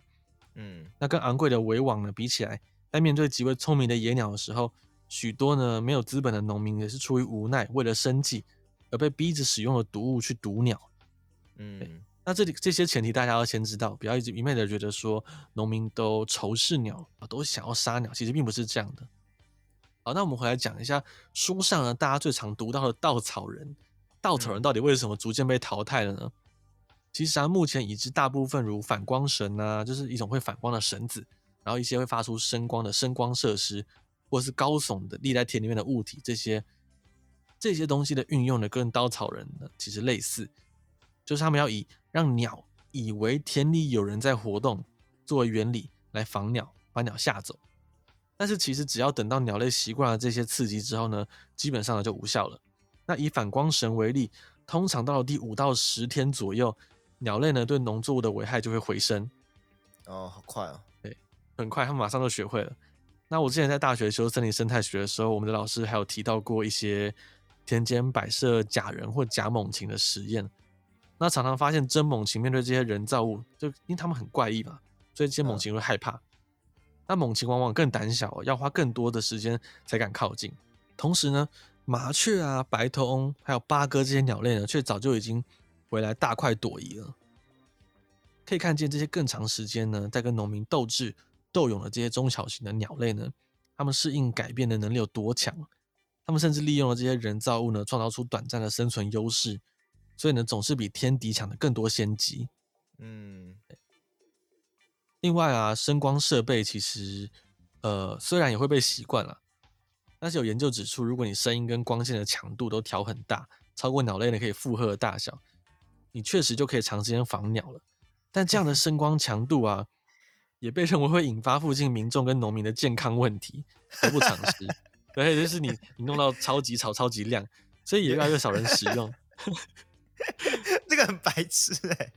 嗯，那跟昂貴的圍網呢比起來，在面對極為聰明的野鳥的時候，許多呢沒有資本的農民也是出於無奈，為了生計而被逼着使用了毒物去毒鳥，嗯，那這裡這些前提大家要先知道，不要一直愚昧的覺得說農民都仇視鳥啊，都想要殺鳥，其實並不是這樣的。好，那我們回來講一下書上呢大家最常讀到的稻草人。稻草人到底為什麼逐漸被淘汰了呢？嗯，其實啊，目前已知大部分如反光繩吶啊，就是一種會反光的繩子，然後一些會發出聲光的聲光設施，或是高聳的立在田裡面的物體，這些這些東西的運用呢，跟稻草人呢其實類似，就是他們要以讓鳥以為田裡有人在活動作為原理來防鳥，把鳥嚇走。但是，其實只要等到鳥類習慣了這些刺激之後呢，基本上就無效了。那以反光繩為例，通常到了第五到十天左右，鳥類呢對農作物的危害就會回升。哦，好快啊，哦！對，很快，它們馬上就學會了。那我之前在大學修森林生態學的時候，我們的老師還有提到過一些田間擺設假人或假猛禽的實驗。那常常發現真猛禽面對這些人造物，就因為他們很怪異嘛，所以這些猛禽會害怕。嗯、那猛禽往往更膽小，要花更多的時間才敢靠近。同時呢，麻雀啊，白頭翁，還有八哥這些鳥類呢，卻早就已經回來大快朵頤了。可以看見這些更長時間呢，在跟農民鬥智鬥勇的這些中小型的鳥類呢，它們適應改變的能力有多強。他們甚至利用了這些人造物呢，創造出短暫的生存優勢，所以呢，總是比天敵搶的更多先機。嗯。另外啊，聲光設備其實，呃，雖然也會被習慣了。但是有研究指出，如果你聲音跟光線的強度都調很大，超過鳥類的可以負荷的大小，你確實就可以長時間防鳥了。但這樣的聲光強度啊，也被認為會引發附近民眾跟農民的健康問題，得不償失。 對，就是你你弄到超級吵，超級亮，所以也越來越少人使用。 這個很白痴哎、欸，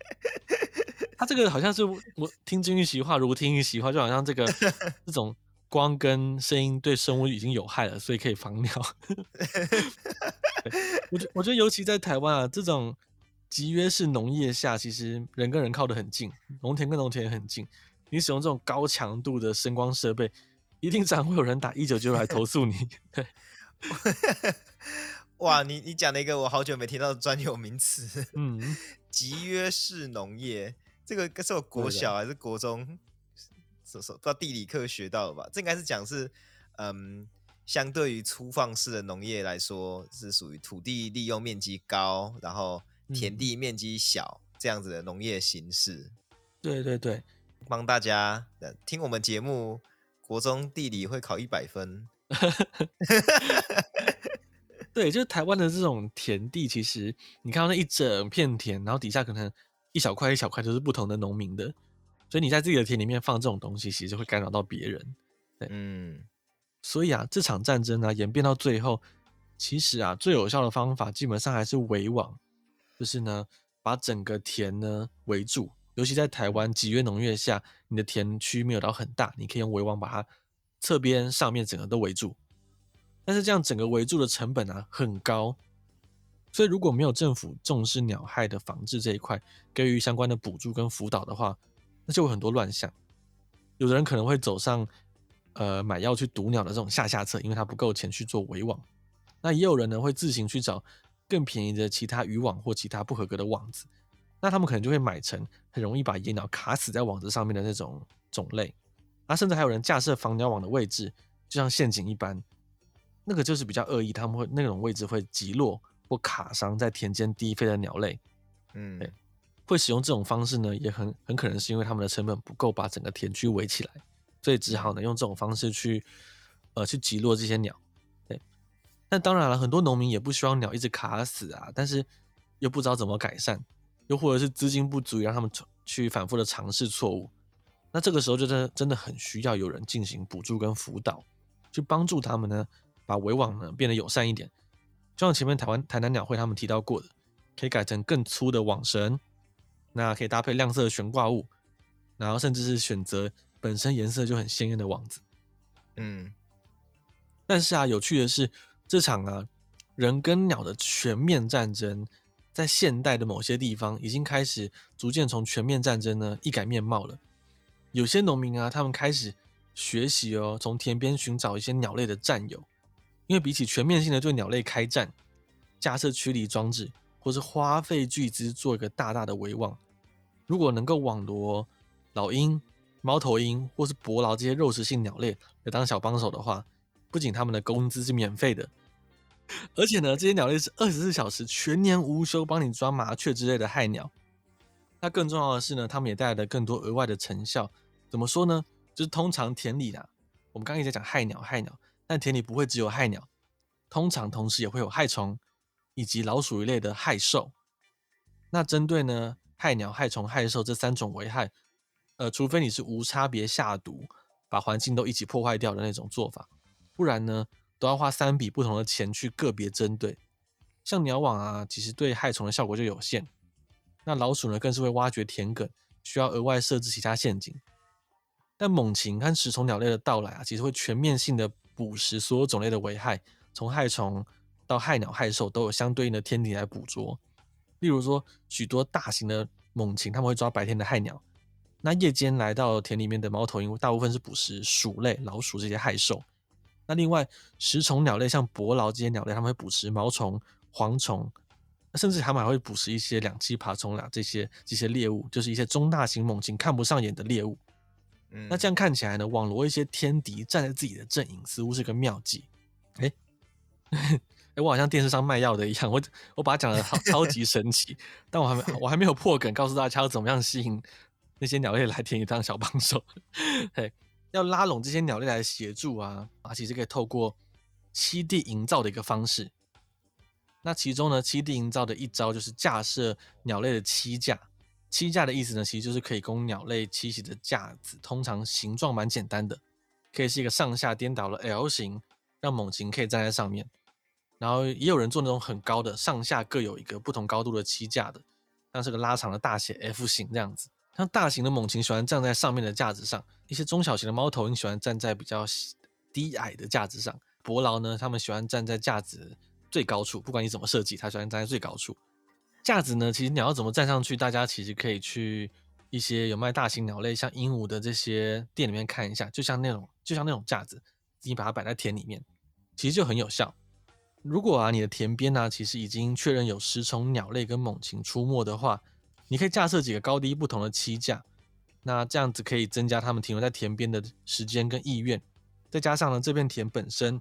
他這個好像是我聽君一席話如聽一席話，就好像這個 這種。光跟聲音對生物已經有害了，所以可以防鳥。我 覺我覺得尤其在台灣啊，這種集約式農業下，其實人跟人靠得很近，農田跟農田也很近，你使用這種高強度的聲光設備，一定常常會有人打一九九九來投訴你。 哇，你你講了一個我好久沒聽到的專有名詞，嗯，集約式農業，這個是我國小還是國中？不知道地理科學到了吧？這應該是講是，嗯，相對於粗放式的農業來說，是屬於土地利用面積高，然後田地面積小這樣子的農業形式。對對對，幫大家聽我們節目，國中地理會考一百分。 對，就是台灣的這種田地，其實你看到那一整片田，然後底下可能一小塊一小塊就是不同的農民的。所以你在自己的田裡面放這種東西，其實會干擾到別人。嗯，所以啊，這場戰爭呢、啊、演變到最後，其實啊，最有效的方法基本上還是圍網，就是呢把整個田呢圍住。尤其在台灣，集約農業下，你的田區沒有到很大，你可以用圍網把它側邊、上面整個都圍住。但是這樣整個圍住的成本啊很高，所以如果沒有政府重視鳥害的防治這一塊，給予相關的補助跟輔導的話，那就有很多亂象，有的人可能會走上，呃，買藥去毒鳥的這種下下策，因為他不夠錢去做圍網。那也有人呢會自行去找更便宜的其他漁網或其他不合格的網子，那他們可能就會買成很容易把野鳥卡死在網子上面的那種種類。那、啊、甚至還有人架設防鳥網的位置，就像陷阱一般，那個就是比較惡意，他們會那種位置會擊落或卡傷在田間低飛的鳥類。嗯，對。會使用這種方式呢，也很很可能是因為他們的成本不夠，把整個田區圍起來，所以只好呢用這種方式去，呃，去擊落這些鳥。對，那當然了，很多農民也不希望鳥一直卡死啊，但是又不知道怎麼改善，又或者是資金不足以讓他們去反覆的嘗試錯誤。那這個時候，就真真的很需要有人進行補助跟輔導，去幫助他們呢，把圍網呢變得友善一點。就像前面台灣台南鳥會他們提到過的，可以改成更粗的網繩。那可以搭配亮色的懸掛物，然後甚至是選擇本身顏色就很鮮豔的網子。嗯，但是啊，有趣的是，這場啊人跟鳥的全面戰爭，在現代的某些地方已經開始逐漸從全面戰爭呢，一改面貌了。有些農民啊，他們開始學習哦，從田邊尋找一些鳥類的戰友，因為比起全面性的對鳥類開戰，架設驅離裝置。或是花費巨資做一個大大的圍網，如果能夠網羅老鷹、貓頭鷹或是伯勞這些肉食性鳥類來當小幫手的話，不僅他們的工資是免費的，而且呢，這些鳥類是二十四小時全年無休幫你抓麻雀之類的害鳥。那更重要的是呢，他們也帶來了更多額外的成效。怎麼說呢？就是通常田裡啊，我們剛剛一直在講害鳥害鳥，但田裡不會只有害鳥，通常同時也會有害蟲。以及老鼠一類的害獸，那針對呢害鳥、害蟲、害獸這三種危害，呃，除非你是無差別下毒，把環境都一起破壞掉的那種做法，不然呢都要花三筆不同的錢去個別針對。像鳥網啊，其實對害蟲的效果就有限。那老鼠呢，更是會挖掘田埂，需要額外設置其他陷阱。但猛禽和食蟲鳥類的到來啊，其實會全面性的捕食所有種類的危害，從害蟲。到害鳥害獸都有相對應的天敵來捕捉，例如說許多大型的猛禽，他們會抓白天的害鳥；那夜間來到田裡面的貓頭鷹，大部分是捕食鼠類、老鼠這些害獸。那另外食蟲鳥類，像伯勞這些鳥類，他們會捕食毛蟲、蝗蟲，蟲甚至他們還會捕食一些兩棲爬蟲啦這些這些獵物，就是一些中大型猛禽看不上眼的獵物。嗯。那這樣看起來呢，網羅一些天敵站在自己的陣營，似乎是一個妙計。欸 哎、欸，我好像電視上賣藥的一樣，我我把它講的好超級神奇， 但我還沒我還沒有破梗，告訴大家要怎麼樣吸引那些鳥類來田裡當小幫手。嘿， 要拉攏這些鳥類來協助啊，啊，其實可以透過棲地營造的一個方式。那其中呢，棲地營造的一招就是架設鳥類的棲架。棲架的意思呢，其實就是可以供鳥類棲息的架子，通常形狀蠻簡單的，可以是一個上下顛倒的 L 型，讓猛禽可以站在上面。然後也有人做那種很高的，上下各有一個不同高度的棲架的，像是個拉長的大寫 F 型這樣子。像大型的猛禽喜歡站在上面的架子上，一些中小型的貓頭鷹喜歡站在比較低矮的架子上。伯勞呢，他們喜歡站在架子最高處，不管你怎麼設計，它喜歡站在最高處。架子呢，其實鳥要怎麼站上去，大家其實可以去一些有賣大型鳥類，像鸚鵡的這些店裡面看一下，就像那種就像那種架子，你把它擺在田裡面，其實就很有效。如果啊，你的田邊呢、啊，其實已經確認有食蟲鳥類跟猛禽出沒的話，你可以架設幾個高低不同的棲架，那這樣子可以增加它們停留在田邊的時間跟意願。再加上呢，這片田本身，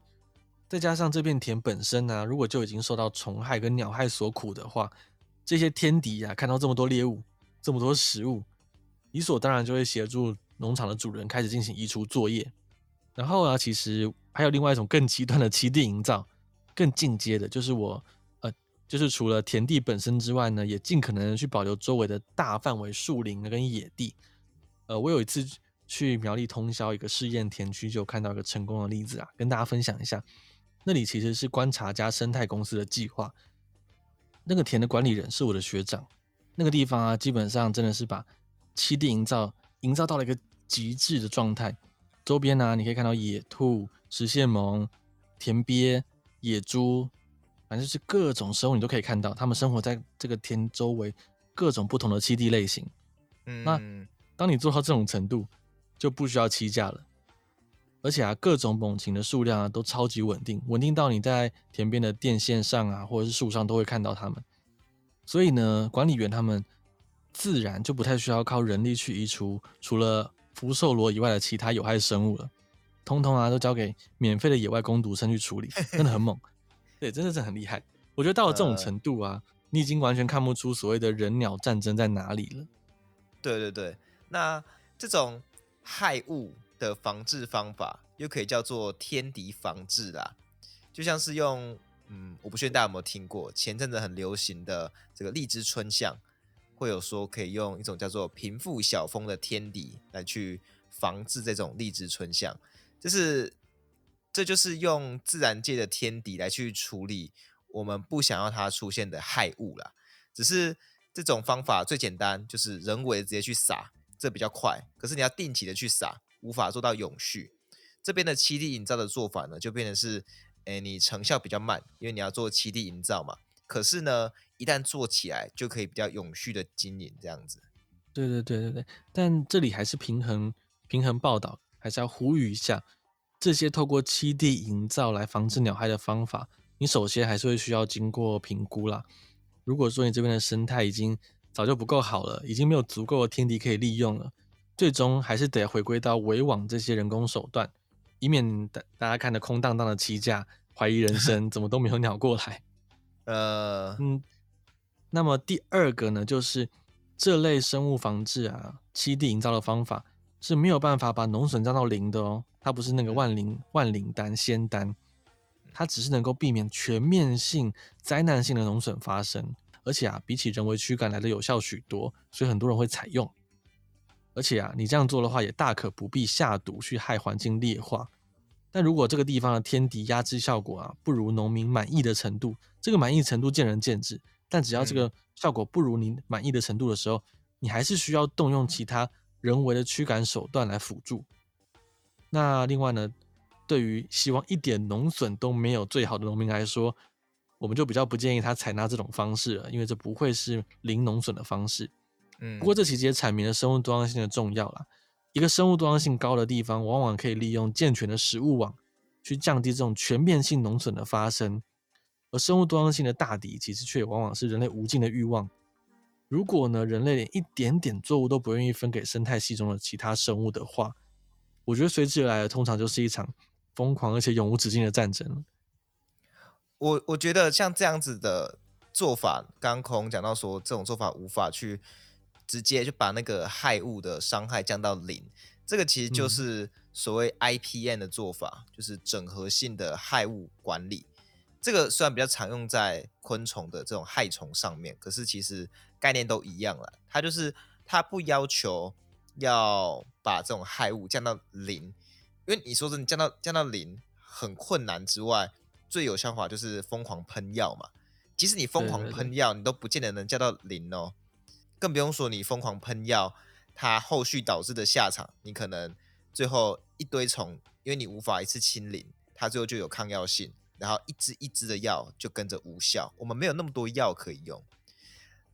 再加上這片田本身呢、啊，如果就已經受到蟲害跟鳥害所苦的話，這些天敵啊，看到這麼多獵物，這麼多食物，理所當然就會協助農場的主人開始進行移除作業。然後啊，其實還有另外一種更極端的棲地營造。更進階的就是我，呃，就是除了田地本身之外呢，也盡可能去保留周圍的大範圍樹林跟野地。呃，我有一次去苗栗通霄，一個試驗田區，就看到一個成功的例子啊，跟大家分享一下。那裡其實是觀察家生態公司的計劃，那個田的管理人是我的學長，那個地方啊，基本上真的是把棲地營造營造到了一個極致的狀態。周邊呢、啊，你可以看到野兔、食蟹獴、田鱉。野豬，反正是各種生物，你都可以看到，它們生活在這個田周圍各種不同的棲地類型。嗯，那當你做到這種程度，就不需要棲架了。而且啊，各種猛禽的數量啊都超級穩定，穩定到你在田邊的電線上啊，或者是樹上都會看到它們。所以呢，管理員他們自然就不太需要靠人力去移除除了福壽螺以外的其他有害生物了。通通啊，都交給免費的野外工讀生去處理，真的很猛， 對，真的是很厲害。我覺得到了這種程度啊、呃，你已經完全看不出所謂的人鳥戰爭在哪裡了。對對對，那這種害物的防治方法，又可以叫做天敵防治啦，就像是用，嗯，我不知道大家有沒有聽過，前陣子很流行的這個荔枝椿象，會有說可以用一種叫做平腹小蜂的天敵來去防治這種荔枝椿象。就是，這就是用自然界的天敵來去處理我們不想要它出現的害物啦。只是這種方法最簡單，就是人為直接去撒，這比較快。可是你要定期的去撒，無法做到永續。這邊的棲地營造的做法呢，就變成是，哎，你成效比較慢，因為你要做棲地營造嘛。可是呢，一旦做起來，就可以比較永續的經營這樣子。對對對對對。但這裡還是平衡，平衡報道。還是要呼籲一下，這些透過棲地營造來防治鳥害的方法，你首先還是會需要經過評估啦。如果說你這邊的生態已經早就不夠好了，已經沒有足夠的天敵可以利用了，最終還是得回歸到圍網這些人工手段，以免大大家看着空蕩蕩的棲架，懷疑人生，怎麼都沒有鳥過來。呃， 嗯，那麼第二個呢，就是這類生物防治啊，棲地營造的方法。是沒有辦法把農損降到零的哦，它不是那個萬靈萬靈丹仙丹，它只是能夠避免全面性災難性的農損發生，而且啊，比起人為驅趕來的有效許多，所以很多人會採用。而且啊，你這樣做的話，也大可不必下毒去害環境劣化。但如果這個地方的天敵壓制效果啊，不如農民滿意的程度，這個滿意程度見仁見智，但只要這個效果不如你滿意的程度的時候，你還是需要動用其他。人為的驅趕手段來輔助。那另外呢，對於希望一點農損都沒有最好的農民來說，我們就比較不建議他採納這種方式了，因為這不會是零農損的方式。嗯，不過這其實也闡明了生物多樣性的重要啦。一個生物多樣性高的地方，往往可以利用健全的食物網去降低這種全面性農損的發生。而生物多樣性的大敵，其實卻往往是人類無盡的慾望。如果呢，人類連一點點作物都不願意分給生態系中的其他生物的話，我覺得隨之而來的通常就是一場瘋狂而且永無止境的戰爭。我我覺得像這樣子的做法，剛剛孔講到說這種做法無法去直接就把那個害物的傷害降到零，這個其實就是所謂 IPM 的做法，嗯，就是整合性的害物管理。這個雖然比較常用在昆蟲的這種害蟲上面，可是其實概念都一樣了，它，就是它不要求要把這種害物降到零，因為你說的你降到降到零很困難之外，最有效法就是瘋狂噴藥嘛。即使你瘋狂噴藥，你都不見得能降到零哦，更不用說你瘋狂噴藥，它後續導致的下場，你可能最後一堆蟲，因為你無法一次清零，它最後就有抗藥性，然後一支一支的藥就跟着無效。我們沒有那麼多藥可以用。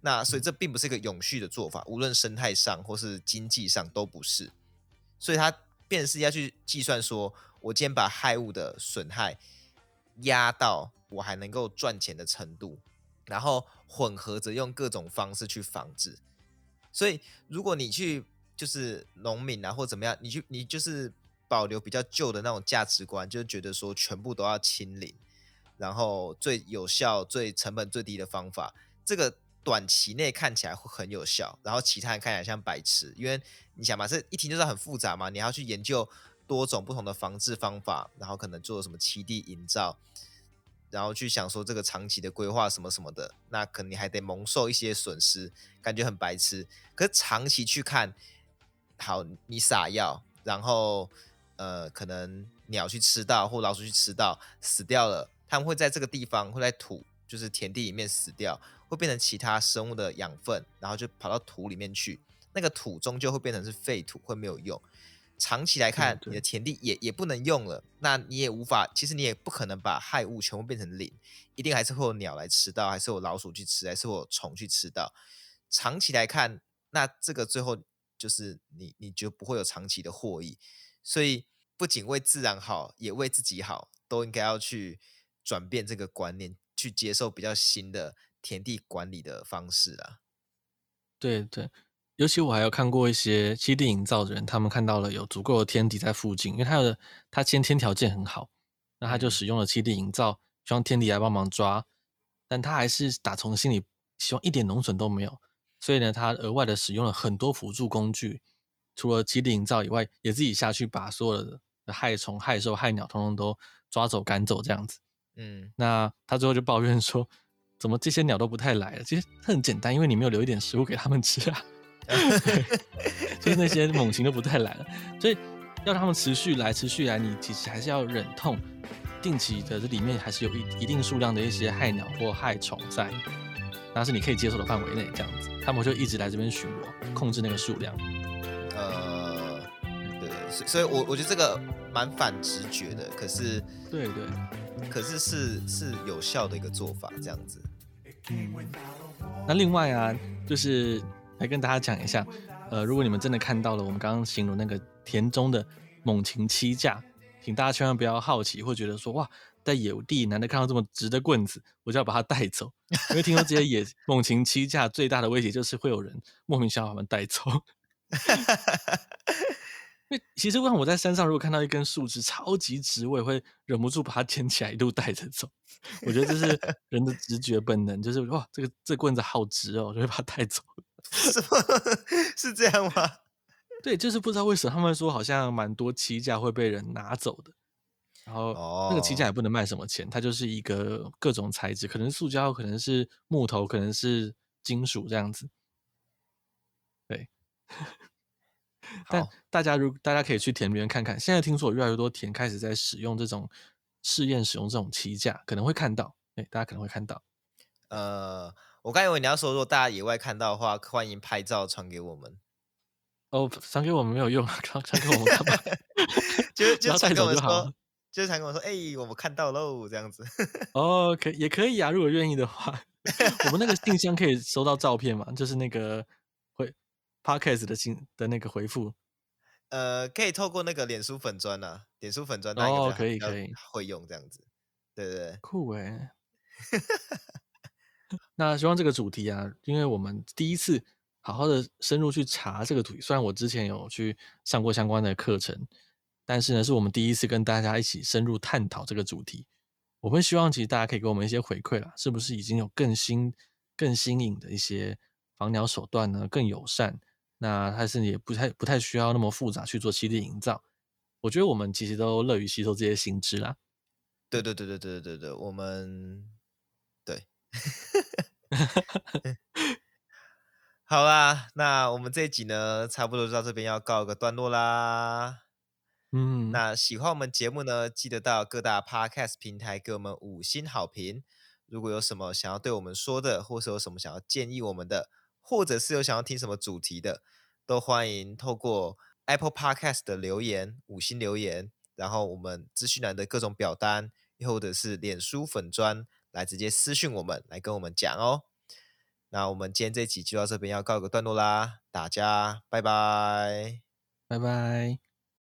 那所以這並不是一個永續的做法，無論生態上或是經濟上都不是。所以它便是要去計算說，說我今天把害物的損害壓到我還能夠賺錢的程度，然後混合着用各種方式去防治。所以如果你去就是農民啊或怎麼樣，你去你就是保留比較舊的那種價值觀，就覺得說全部都要清零，然後最有效、最成本最低的方法，這個。短期內看起來會很有效，然後其他人看起來像白痴，因為你想嘛，這一聽就是很複雜嘛，你要去研究多種不同的防治方法，然後可能做什麼棲地營造，然後去想說這個長期的規劃什麼什麼的，那可能你還得蒙受一些損失，感覺很白痴。可是長期去看，好，你撒藥，然後呃，可能鳥去吃到或老鼠去吃到死掉了，他們會在這個地方會在土就是田地裡面死掉。會變成其他生物的養分，然後就跑到土裡面去，那個土終究會變成是廢土，會沒有用。長期來看，你的田地也也不能用了。那你也無法，其實你也不可能把害物全部變成零，一定還是會有鳥來吃到，還是會有老鼠去吃，還是會有蟲去吃到。長期來看，那這個最後就是你你就不會有長期的獲益。所以不僅為自然好，也為自己好，都應該要去轉變這個觀念，去接受比較新的田地管理的方式啊，對對，尤其我還有看過一些棲地營造的人，他們看到了有足夠的天敵在附近，因為他有的他先天條件很好，那他就使用了棲地營造，希望天敵來幫忙抓，但他還是打從心裡希望一點農損都沒有，所以呢，他額外的使用了很多輔助工具，除了棲地營造以外，也自己下去把所有的害蟲、害獸、害鳥通通都抓走、趕走這樣子，嗯，那他最後就抱怨說。怎麼這些鳥都不太來了？其實很簡單，因為你沒有留一點食物給他們吃啊。 對 就是那些猛禽都不太來了，所以要他們持續來、持續來，你其實還是要忍痛定期的，這裡面還是有一一定數量的一些害鳥或害蟲在，那是你可以接受的範圍內。這樣子，他們就一直來這邊巡邏，控制那個數量。呃，對，對、對，所以，所以我我覺得這個蠻反直覺的，可是，對對、對，可是是是有效的一個做法，這樣子。嗯、那另外啊，就是來跟大家講一下，呃，如果你們真的看到了我們剛剛形容那個田中的猛禽棲架，請大家千萬不要好奇或覺得說，哇，在野地難得看到這麼直的棍子，我就要把它帶走，因為聽說這些野猛禽棲架最大的威脅就是會有人莫名其妙把它們帶走。 因為其實，萬一我在山上，如果看到一根樹枝超級直，我也會忍不住把它撿起來一路帶着走。我覺得這是人的直覺本能， 就是哇，這個這個、棍子好直哦，就會把它帶走。什麼？是這樣嗎？對，就是不知道為什麼他們說好像蠻多棲架會被人拿走的。然後，那個棲架也不能賣什麼錢，它就是一個各種材質，可能塑膠，可能是木頭，可能是金屬這樣子。對。 但大家如大家可以去田裡面看看，現在聽說有越來越多田開始在使用這種試驗，使用這種旗架，可能會看到，哎、欸，大家可能會看到。呃，我剛以為你要說，如果大家野外看到的話，歡迎拍照傳給我們。哦，傳給我們沒有用啊，傳給我們幹嘛？ 就就傳給我們就好。就是傳給我們說，哎、 欸，我們看到嘍，這樣子。哦、 oh,，可也可以啊，如果願意的話， 我們那個信箱可以收到照片嘛？就是那個。Podcast 的信的那個回復，呃，可以透過那個臉書粉專吶、啊，臉書粉專都可以可以會用這樣子，哦、對，對對，酷誒。 那希望這個主題啊，因為我們第一次好好的深入去查這個主題，雖然我之前有去上過相關的課程，但是呢，是我們第一次跟大家一起深入探討這個主題，我們希望其實大家可以給我們一些回饋啦，是不是已經有更新更新穎的一些防鳥手段呢？更友善，那還是也不太不太需要那麼複雜去做系列營造，我覺得我們其實都樂於吸收這些新知啦。對對對對對對對，我們對， 好啦，那我們這一集呢，差不多就到這邊要告一個段落啦。嗯，那喜歡我們節目呢，記得到各大 podcast 平台給我們五星好評。如果有什麼想要對我們說的，或是有什麼想要建議我們的。或者是有想要聽什麼主題的，都歡迎透過 Apple Podcast 的留言、五星留言，然後我們資訊欄的各種表單，又或者是臉書粉專，來直接私訊我們，來跟我們講哦。那我們今天這集就到這邊要告一個段落啦，大家拜拜，拜拜。